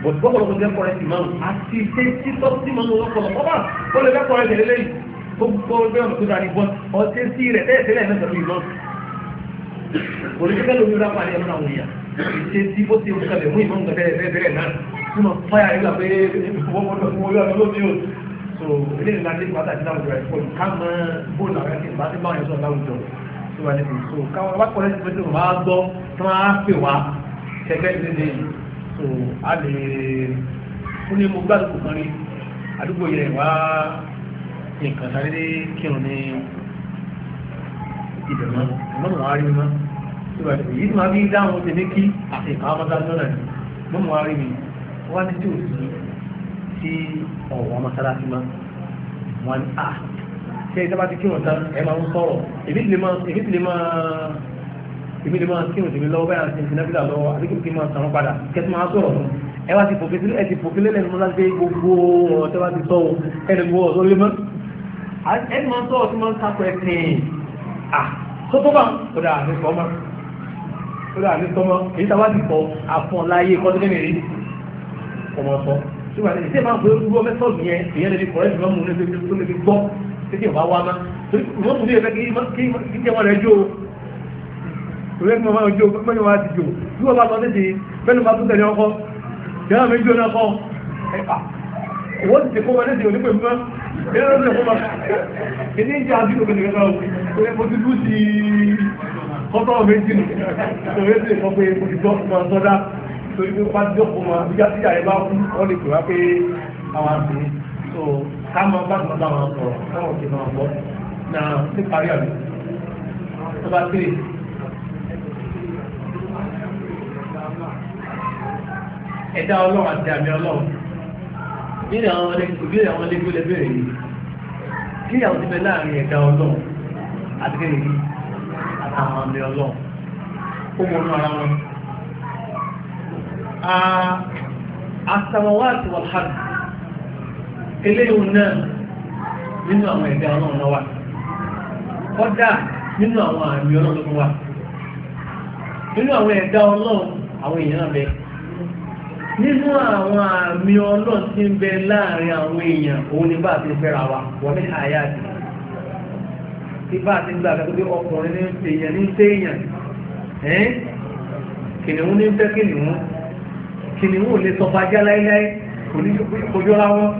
bọ̀dùbọ́kọ̀lọ́kọ̀ jẹ́ kọ́rẹ́tì máa ń àti ṣe títọ́ sí máa ń lọ́kọ̀ọ́ ọba ó lè jẹ́ kọ́rẹ́tì lélẹ́yìn gbogbo ọgbẹ́ ọ̀nà tó dáa ní bọ́n ọtí sí rẹ̀ tẹ́lẹ̀ tẹ́lẹ̀ mẹ́sàn-án yìí lọ́sùn òrìṣẹ́kẹ́ lómi rà pàdé ẹ̀rọ àwọn èèyàn ìṣe tí bó ti kalẹ̀ mú ìmọ̀ nǹkan tẹ́lẹ̀ bẹ́ẹ̀ náà tí mo fáyà nígbà pé ìfowópamọ́ fún orí ọdún lómi o so ilé ìlànà tí pàtàkì láwùjọ rẹ̀ pọ̀ ká mọ bóòlù àwọn ẹ̀sìn bá ti bá yẹn sọ láwùjọ tó wà níbi so káwọn bá kọ́lẹ́sì pé tó máa gbọ́ tó máa pè wá kẹ̀kẹ́ ìdílé yìí so a lè fún ní mo gbàdúgbò kan rí àdúgbò yẹn wá nǹkan sáré kírun ní ìbẹ̀rẹ̀ èyí tí màá fi dáhùn tèmi kí àti ìkàwé mọ́sálásí náà ni mo mọ̀ wá rí mi wá ní tí ò sí sí ọ̀wọ́ mọ́sálásí má wọ́n ní à ah, ṣé ìjọba ti kírun tán ẹ máa ń sọ̀rọ̀ èmi ti lè máa èmi ti lè máa èmi lè máa kírun tèmi lọ́wọ́ báyà ṣe ìṣiná bílà lọ́wọ́ àbí kí n máa sàrún padà kẹ́tí máa sọ̀rọ̀ fún ẹ wá ti fòkè sílẹ̀ ẹ ti fòkè lẹ́lẹ̀ nípa láti ń sàkó ẹ̀sìn à kọ́ máa lórí àmì tọmọ èyí tá a bá ti kọ àfọn láyé kọ́ sílẹ̀ mẹ́rin ọmọ sọ ṣùgbọ́n àti ìṣe máa ń pè é dúró mẹ́tọ́ọ̀dù yẹn èyàn lè fi kọ̀rẹ́ ìṣúná mu lè tó lè fi gbọ́ títí ọba wa má wọ́n tún lè fẹ́ kí kíkẹ́ wọn rẹ̀ jó òwe kí wọ́n máa jó mẹ́rin wọn á ti jó bí wọ́n bá sọ títí bẹ́ẹ̀ni bá tún tẹ̀lé ọkọ jẹ́wọ́n mi jó náà kọ́ owó ti ti wọn lédè onípe mọ́ ilé lọ́sẹ̀ kó wọn kìíní kọ́tọ́ méjì ní ìṣòro èsì sọ pé olùdó máa sọ́dá torí pé bá dídọ̀ fún wa bíjá sí àyè bá kú wọ́n lè pè wá pé àwọn àti so ká máa bá tọ́lá wọn sọ̀rọ̀ káwọn kì í máa bọ́ na ní parí àbí tó bá tèrè. ẹ̀dá ọlọ́run àti àmì ọlọ́run nínú àwọn ìbéèrè àwọn ẹlẹ́gbẹ́ lẹ́bẹ̀rẹ̀ yìí kí àwọn ti bẹ láàrin ẹ̀dá ọlọ́run àti kẹ́lẹ́ yìí. àwọn ilé ọlọ́run ó ara wọn. àtàwọ̀wáàtì wàhálà eléyìí náà nínú àwọn ẹ̀dá ọlọ́run náà wà kọ́dà nínú àwọn àmì ọlọ́run wà nínú àwọn ẹ̀dá ọlọ́run àwọn èèyàn bẹ nínú àwọn àmì ọlọ́run tí bá ti gbà kẹ́kọ̀ọ́ pé ọkùnrin ní èèyàn ní téèyàn kìnìún ní fẹ́ kìnìún kìnìún ò lè sọ fàájá láéláé oníṣòkòjọ́ra wọn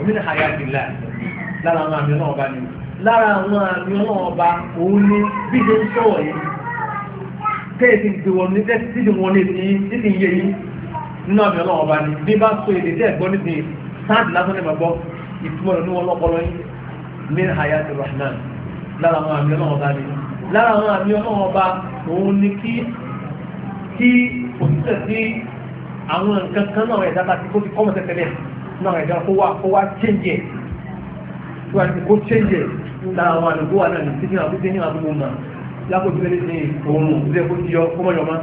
omi náà àyà dìlà lára àwọn àmì náà ni lára àwọn àmì náà ọba òun ni bí ṣe ń sọ̀rọ̀ yìí tẹ́ẹ̀tì ìdìwọ̀n ní tẹ́ẹ̀tì ìdìwọ̀n ní ti nínú iye yìí nínú àmì náà ni bí bá so èdè tẹ́ẹ̀ gbọ́ níbi sáàdì lásán ní ma gbọ́ ìtumọ̀ ní wọn lọ́pọ̀lọ́ yìí min hayati rahman lára àwọn àmì ọlọ́wọ́ bá ní lára àwọn àmì ọlọ́wọ́ bá òun ni kí kí òṣìṣẹ́ sí àwọn nǹkan kan náà ẹ̀dá bá ti kó ti kọ́ mọ̀ tẹ́tẹ́lẹ̀ náà ẹ̀dá kó wá kó wá chẹ́ǹjẹ̀ kó wá kó chẹ́ǹjẹ̀ lára àwọn àmì tó wà náà ní títí àwọn títí àwọn àbúrò mà lákòókò lè ní òun ilé kó yọ kó mọ̀ yọ mọ́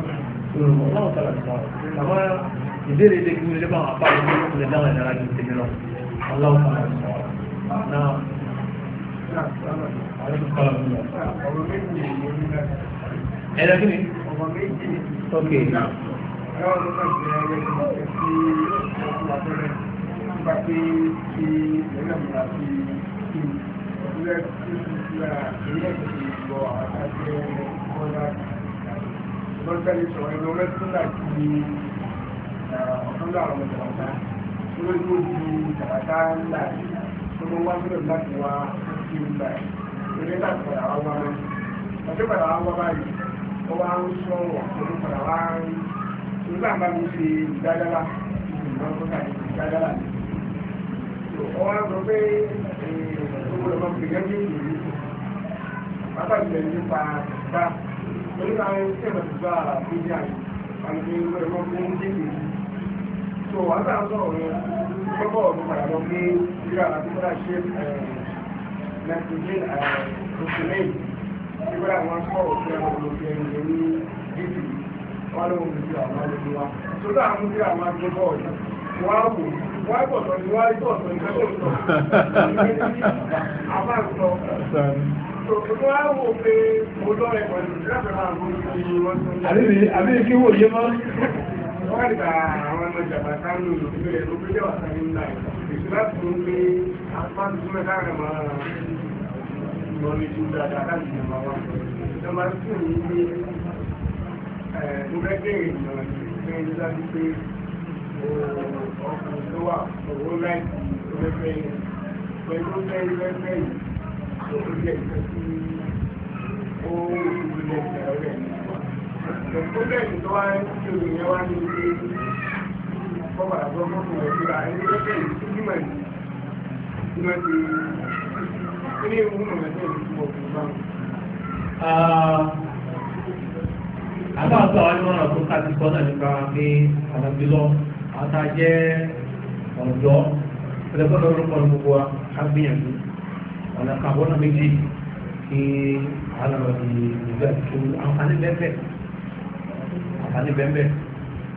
ẹ̀rọ kí ni. ok now. Lọ́sẹ̀lẹ̀ sọ̀rọ̀ ẹ̀rọ rẹ́túlà ti ọ̀kan láàrọ̀ ìjọba tó lójú ìjọba tá ńlá tó ló wá sílẹ̀ láti wá sí ìgbà yìí ìrìn náà padà wá wá rẹ̀ ọjọ́ padà wá wá báyìí ó wá ń sọ ọ̀pọ̀lọpọ̀ padà wá rí nígbà bá mi ṣe ìdájára ìgbìmọ̀ tó kà ní ìdájára mi ọ wá sọ pé owó ẹ̀rọ gbìyànjú ní ìlú bàbá ìlẹ̀ nípa bá onígbà ẹ̀rọ ti bá àbíjà àti owó ẹ̀rọ gbìyànjú ní ìlú tó mẹ́tìlẹ́ ọ̀sẹ̀lẹ̀ ìgbà wọn kọ́ òfin àwọn olùfẹ́ ìlú ní bíbí wọn ló ń bí àwọn olùfẹ́ wa tó dá àwọn bí àwọn agbébọ̀ ọ̀dọ́ wọn á wò wọn á bọ̀ sọ ni wọn á bọ̀ sọ ni wọn á sọ àbá sọ tòkòtò á wò pé mo lọ́rẹ̀ pẹ̀lú láti máa gbọ́ ibi wọn tó ń lọ. àbí kí wò yé mọ́. wọ́n rí ta àwọn ọmọ ìjàmbá kánú ìlú ìpínlẹ̀ ló gbé wà sáré ńlá ìṣúná tó ń gbé apá tuntun mẹ́ta rẹ̀ máa lọ ní tó dáadáa láti ìjọba wa ìjọba tí ò ní pé mo fẹ́ bèèrè ìjọba pé ní láti pé ọkùnrin tó wà owó láì tó fẹ́ fẹ́ yẹn pẹ̀lú fẹ́ fẹ́ fẹ́ yìí àbáwọ̀tọ̀ àwọn onímọ̀ràn tó ká ti gbọ́dọ̀ nípa pé àwọn bílọ̀ àtà jẹ́ ọ̀dọ́ ẹlẹ́gbọ́dọ̀ orúkọ gbogbo agbìyànjú ọ̀nà kàbọ́nà méjì kí di ìgbà tó àǹfààní bẹ́ẹ̀ àǹfààní bẹ́ẹ̀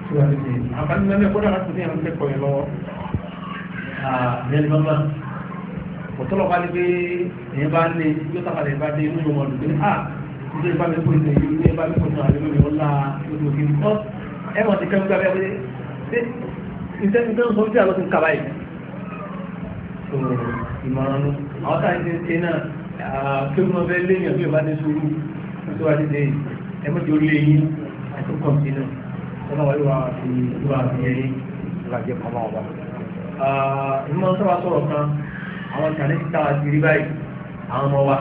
tó wà níbi àǹfààní bẹ́ẹ̀ kó dára tó ní àwọn akẹ́kọ̀ọ́ yẹn lọ́wọ́ òtọ́lọ̀ bá ní pé èyí bá ní yóò tàbí àlẹ́ bá dé inú ìwọ̀n lò pé ah ìdí ìbá mi pòṣe yìí ní ìbá mi pòṣe àlẹ́ lórí ọ̀la lórí òkè nǹkan ẹ mọ̀ sí kẹ́mi gbàgbé pé ǹjẹ́ ǹjẹ́ ǹjẹ́ ǹjẹ́ àlọ́ ti ń kaba yìí. tó ìmọ̀ràn nu àwọn táyà ti ń ṣe náà kí wọ́n fẹ́ léèyàn bí ìbá ní sùúrù tó wà nídìí ẹ mọ̀ tí ó lé yín àti kọ̀ọ̀tì náà ọlọ́wọ́ yóò wá fi ìwà àti ẹ̀yìn ìlàjẹ̀ ìmọ̀ sọ́wọ́ sọ̀rọ̀ kan àwọn kàní ti táwa ti rí báyìí àwọn ọmọ wa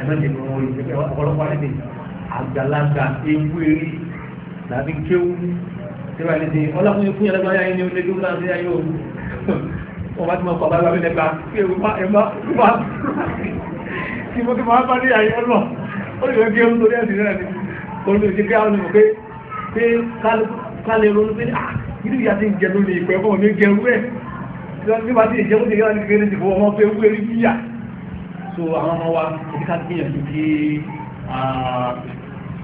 ẹ̀mẹ́jẹ̀ ni wọ́n yìí pé ọ̀pọ̀lọpọ̀ àti àgbàlagbà ewu eré làbí kéwú síbà ní ti ọlọ́kùnrin fún yàrá báyà yín ni onídé wọn láti yá yóò wọn bá ti máa pàbá lábẹ́ nípa kí ewu má ẹ̀ má má kí mo ti máa bá ní àyè ọlọ́ ó lè gé ohun lórí ẹ̀sìn náà ni olùdó ìṣe kí àwọn olùkọ́ pé kálẹ̀ ronú pé ah ìdí ìyá ti ń jẹ lónìí ìpẹ́ fún òní jẹ rú ẹ̀ bí wàá ti ìjẹ́ kó ti yára ní kékeré ti fọwọ́ ọmọ pé wúwo erí yíyà so àwọn ọmọ wa èdè ká gbìyànjú kí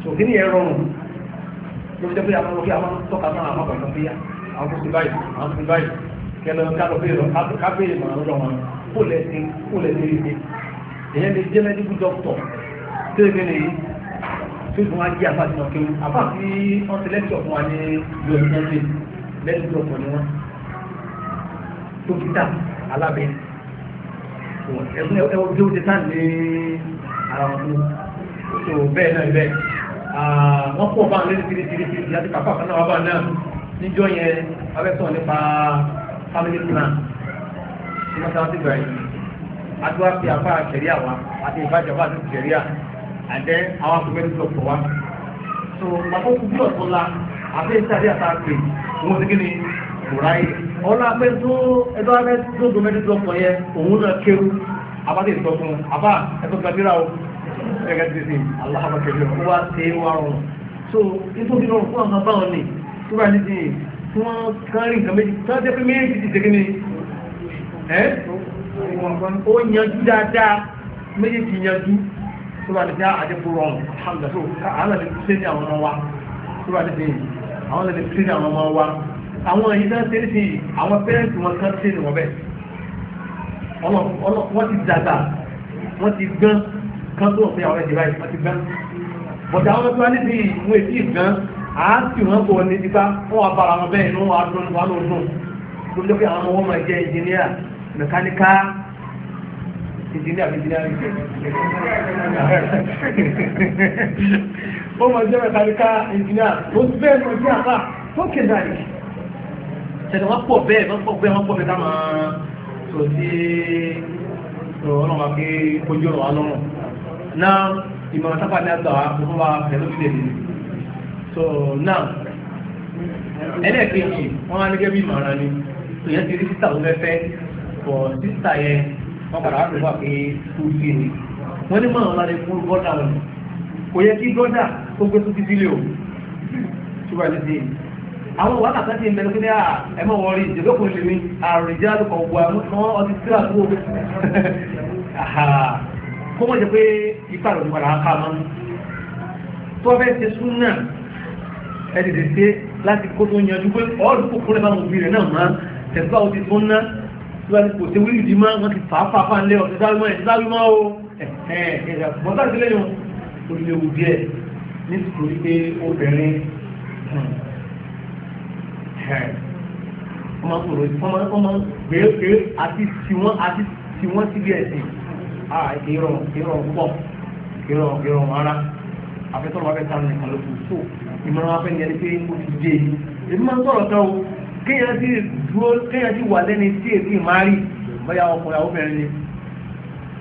so kí ni ẹ rọrùn ló fi jẹ́ pé àwọn ọmọkí àwọn tọ́ka náà àwọn ọmọ ìtàn péyà àwọn tó ti báyìí àwọn tó ti báyìí kẹlẹ ká lọ péye lọ ká péye mọ̀ ọ́n lọ wọn kó lẹ ti kó lẹ ti rí mi èyàn lè dókítà alábẹ́ ẹ̀sùn ẹ̀wọ̀n bí ó ti tán ní ara wọn fún so bẹ́ẹ̀ náà bẹ́ẹ̀ wọ́n pọ̀ bá lórí tiri tiri tiri láti pàpà kan náà wà bá náà níjọ́ yẹn abẹ́sọ̀ nípa family plan ní mọ́sáláṣí bẹ̀rẹ̀ àti wá fi àpá àṣẹríà wa àti ìbájọba àti ìṣẹríà àdẹ àwọn akọ̀wẹ́rẹ́ tó pọ̀ wá so bàbá òkú bí ọ̀tún la àti ìṣàdí àtàkùn wọn ti gé ni ráyè ọlọ́ apẹ́ tó ẹjọ́ apẹ́ tó domẹ́tì tó pọ̀ yẹ òun náà kéwú abáde ìtọ́ fún un abá ẹ̀tọ́ gbàdúrà o ẹ̀ka ti sè aláhàbà kẹfì ó wá sí wá rọrùn so nítorí náà fún àwọn báwọn ni tó bá ní ti tí wọ́n kán rí nǹkan méjì tó jẹ́ pé méjì ti ṣe kíni ẹ́ ó yanjú dáadáa méjì ti yanjú tó bá ní ti àjẹkù ah, rọrùn alhamdulilayi so àwọn àlejò ti ṣe ní àwọn ọmọ wa tó bá ní ti àwọn àlejò ti ṣe ní àwọn ọmọ wa àwọn èyí náà tẹ́lẹ̀ sí àwọn pẹ́rẹ́ǹtì wọn kan tẹ́ ní wọn bẹ́ẹ̀ wọ́n ti dàgbà wọ́n ti gán kan tó ọ̀fẹ́ àwọn ẹ̀jẹ̀ báyìí wọ́n ti gán bọ̀dà àwọn tó wá níbi ìwé tí gán á sì wọ́n kò ní tipa wọ́n wá bára wọn bẹ́ẹ̀ inú wọn á dún wọn ló dùn tó jẹ́ pé àwọn ọmọ wọn máa jẹ́ ẹnjìníà mẹkáníkà ẹnjìníà ẹnjìníà ó máa jẹ́ mẹkáníkà ẹnjìníà ó bẹ́ẹ̀ mọ̀ sí sẹ́ni wọ́n pọ̀ bẹ́ẹ̀ wọ́n pọ̀ bẹ́ẹ̀ wọ́n pọ̀ bẹ́ẹ̀ ká máa sọ sí ọ̀rọ̀ wa pé kojú ọ̀rọ̀ wa lọ́rùn náà ìmọ̀ràn so náà ẹlẹ́ẹ̀kejì wọ́n á ní gẹ́gẹ́ bí ìmọ̀ràn ni tòyẹ́ ti rí sísà tó fẹ́ fẹ́ pọ̀ sísà yẹn wọ́n padà wá pẹ̀lú wa pé kú sí ni wọ́n ní mọ̀ràn láti fún bọ́dà wọn kò o àwọn wàhálà kan ti ń bẹ̀rẹ̀ pé ní ah, ẹ mọ̀ wọ́n rí ìjọba lè mi àrùjá ló kàn wà wọ́n ọtí sí àdúgbò kó mọ̀ jẹ́ pé ipa rẹ̀ ló padà ká mọ́ tó fẹ́ ṣe sún náà ẹ tètè ṣe láti kó tó yanjú pé ọ́ọ̀dù kò kúrẹ́ bá mo fi rẹ̀ náà mọ́ tẹ̀síwá o ti sún náà tí wọ́n ti kò ṣe wíìlì dì máa wọ́n ti fà á fà á fà á lé ọ̀sẹ̀ sáré mọ́ ẹ̀ sáré mọ́ o ẹ̀ ẹ̀ bọ́tà sílẹ̀ yẹn o lè wù díẹ̀ nítorí pé obìnrin hmm, wọ́n máa ń sọ̀rọ̀ wọ́n máa ń gbèrègbè àti tiwọn àti tiwọn síbi ẹ̀sìn ìrọ̀ ìrọ̀ pọ̀ ìrọ̀ ìrọ̀ rárá àfẹ́sọ̀rọ̀ wọn fẹ́ sáré nìkan ló kù tó ìmọ̀ràn wọn fẹ́ ní ẹni pé ó ti dé yìí èmi máa ń sọ̀rọ̀ tán o kéèyàn ti dúró kéèyàn ti wà lẹ́ni tí èmi máa rí bóyá ọkùnrin àwọn obìnrin ni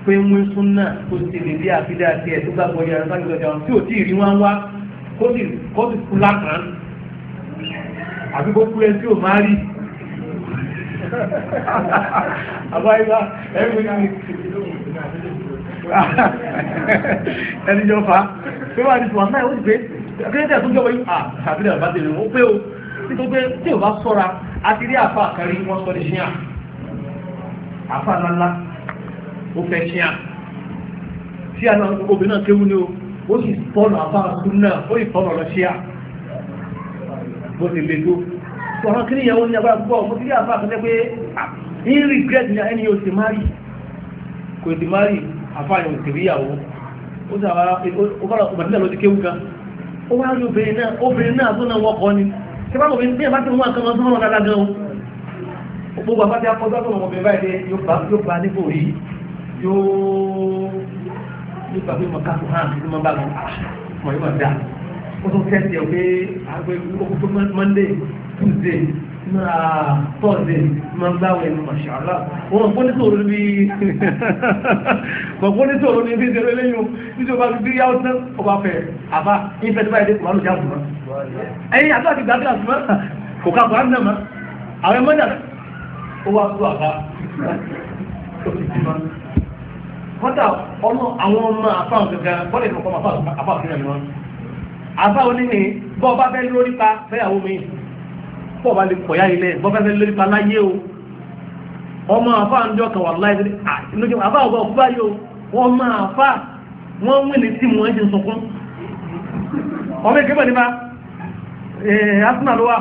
pé ń wí sún náà kó ti lè dé àfidá tiẹ̀ tó gbàgbọ́ yẹn lọ́sàgbẹ́sọ̀ tí ò tí ì rí wọn wá kó sì àbí kó kúrẹ́ tí ò máa rí àbáyíká ẹ̀rí ní ẹni jọ fa pé wà ní ìfọ̀ àmọ́ ẹ̀wọ́n ti pé akérèdé àtúnjọ́ wọ́n yí à tàbí lẹ́yìn àbájá ìrìn ó pé o nítorí pé tí ò bá sọ́ra a ti rí àfa àkàrí wọn sọ ní ṣíà àfa ńláńlá ó fẹ́ ṣíà a náà obìnrin náà kéwú ni o ó sì fọ́nà àfa àkúrú náà ó sì fọ́nà lọ ṣíà bó ti lè tó ọ̀hán kí níyàwó ní abá gbọ́ mo ti rí àfáà kan pé in ah, regret ni ẹni yóò ti márì kò ti márì àfáà yóò ti ríyàwó ó sàrà ó bára ọmọdé náà ló ti kéwú kan ó wá rí obìnrin náà obìnrin náà tó náà wọkọ ni ṣé bá obìnrin bí ẹ bá ti mú àkànmọ́ tó mọ̀ dáadáa gan o gbogbo àbájá akọ́jọ́ tó mọ̀ obìnrin báyìí yóò bá nípò rí yóò yóò bá pé mọ̀ ká ah, ó tún tẹ́sí ẹ̀ pé àgbẹ̀ òkú tó mọ́ndé tuesday náà thursday máa ń gbáwé ní mashallah wọn kò ní sọ̀rọ̀ níbi kò ní sọ̀rọ̀ níbi ìṣẹ̀lẹ̀ lẹ́yìn nítorí ọba bíi yàwó tán ọba fẹ̀ àbá ìfẹ́ tí báyìí dé kùmà lójà àtùmọ̀ ẹ̀yìn àtúwà ti gbàgbé àtùmọ̀ kò ká kùmà náà mọ́ àwọn ẹ̀mọ́ náà ó wá tó àbá kọ́tà ọmọ àwọn ọmọ àfáàn gẹ́gẹ́ bọ́ọ̀lù ìfọ̀kọ́ àbá oníhìn bọ́ ọba fẹ́ lórí pa fẹ́yàwó mi bọ́ ọba lè kọ̀yà ilẹ̀ bọ́ fẹ́ lórí pa láyé o ọmọ àfa àjọ kan wà láyé lójú àfa ọba òkú báyìí o wọ́n máa fa wọ́n ń wílì tí mo ń ṣe sunkún ọmọ ìkébọ̀ nípa asúnà ló wà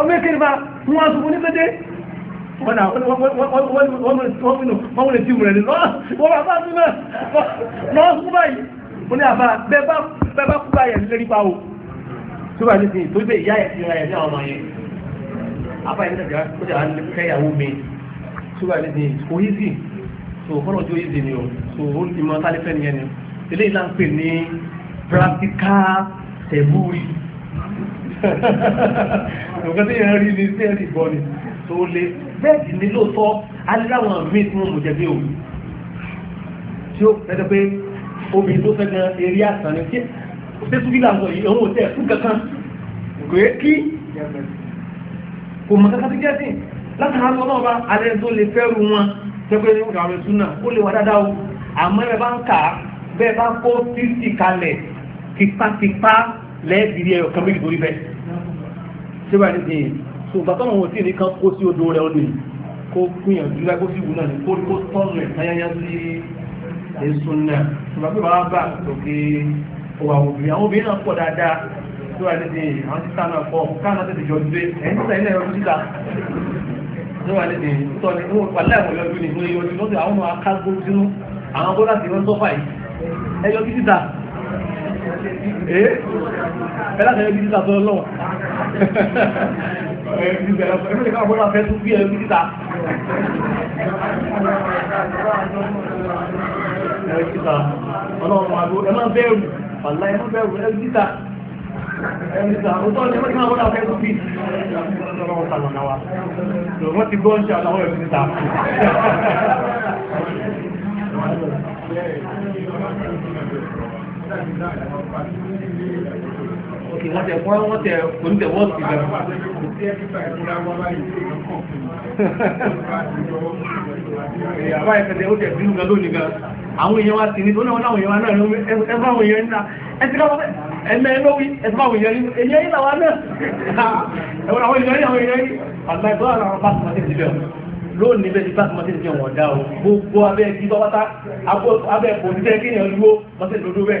ọmọ ìkébọ̀ nípa wọ́n á ní pété. wọ́n náà wọ́n lè tí mú rẹ̀ ní wọ́n bá bá sí náà lọ́wọ́ kú báyìí mo ní àbá bẹ́ẹ̀ bá kú báyìí lórí pa o tó bá nísìnyí tó gbé ìyá ẹ̀ sí ra ẹ̀ ní àwọn ọmọ yẹn àbá yẹn nígbà tó jà ń kẹ́yàwó mi tó bá nísìnyí kò yí sí tó kọ́nà tó yí sí ni o tó ó ti mọ sálífẹ́ nìyẹn ni eléyìí náà ń pè ní practical tẹ̀búrì nǹkan tó yẹn rí ni sí ẹ̀ ti bọ́ ni tó lé bẹ́ẹ̀dì ní lóòótọ́ aláwọn míì tí wọ́n mú jẹ̀bi o tí ó fẹ́ pé obìnrin tó fẹ́ gan eré àtàn ni kí ṣéṣubí làwọn yìí òun ò tẹ̀ fún kankan kò yẹ kí kò mọ̀ kankan tó jẹ́ sìn látara lọ́nà ọba alẹ́ tó lè fẹ́ ru wọn tẹ́gbẹ́ ní ìgbà rẹ̀ súnà ó lè wà dáadáa o àmọ́ ẹ bá ń kà á bẹ́ẹ̀ bá kó títì kalẹ̀ tipátipá lẹ́ẹ̀dìrí ẹ̀yọ̀ kan méjì lórí bẹ́ẹ̀ ṣé wàá so bàtọ́ wọn ò tí ní kan kó sí odò rẹ̀ odò yìí kó gbìyànjú lágbó sí ìwú náà ní kó kó tọ́nù ẹ̀ tayáyá sí èso náà ṣùgbọ́n pé bàbá bá òkè òwà obìnrin àwọn obìnrin náà pọ̀ dáadáa tó wà níbi àwọn títà náà pọ̀ káàná tètè jọ gbé ẹ̀yìn títà ilẹ̀ ọdún títà tó wà níbi tọ́ ni wọn pàlẹ́ àwọn ìyọjú ni wọn yọjú lọ́sẹ̀ àwọn ọmọ akágbó sínú àwọn bọ́lá ti wọ́n sọ́fà yìí ẹ̀yọ kí títà ẹ̀ láti ẹ̀yọ kí títà tó lọ́wọ́ Wọ́n ti gbọ́ ń ṣe àwọn ẹ̀rọ níta. Thank you ok wọ́n tẹ fún wọ́n tẹ kò ní tẹ wọ́ọ̀sì gan. àbá ẹ̀ka tẹ ó tẹ bínú gan lónìí gan àwọn èèyàn wa sì ní oníwọ̀n náà èèyàn náà ẹ fún àwọn èèyàn náà ẹ ti káwọn ẹ̀mẹ́ ẹ̀ lówí ẹ fún àwọn èèyàn yìí èèyàn yìí làwọn náà ẹ̀wọ̀n àwọn èèyàn yìí àwọn èèyàn yìí àgbà ìgbọ́ àwọn bá sọ̀rọ̀ sí lónìí bẹ́ẹ̀ ti bá sọmọ́tì ti ọ̀dà o gbogbo abẹ́ ẹ̀kí bá wáta abẹ́ ẹ̀kọ́ ní tẹ́kí ni ọdún ó mọ́tẹ́ lódó bẹ́ẹ̀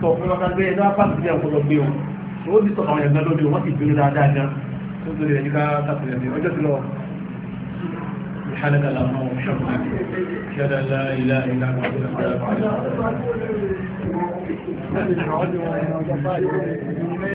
sọ fún wọn kájú ẹjọ́ apáàtì sí àkọlọ gbé o ó ti sọ àwọn ẹ̀gbẹ́ lóde o wọ́n ti bínú dáadáa gan tó tó lè níka kásìlẹ̀ ní ọjọ́ ti lọ. سبحانك اللهم وبحمدك اشهد ان لا اله الا انت استغفرك واتوب اليك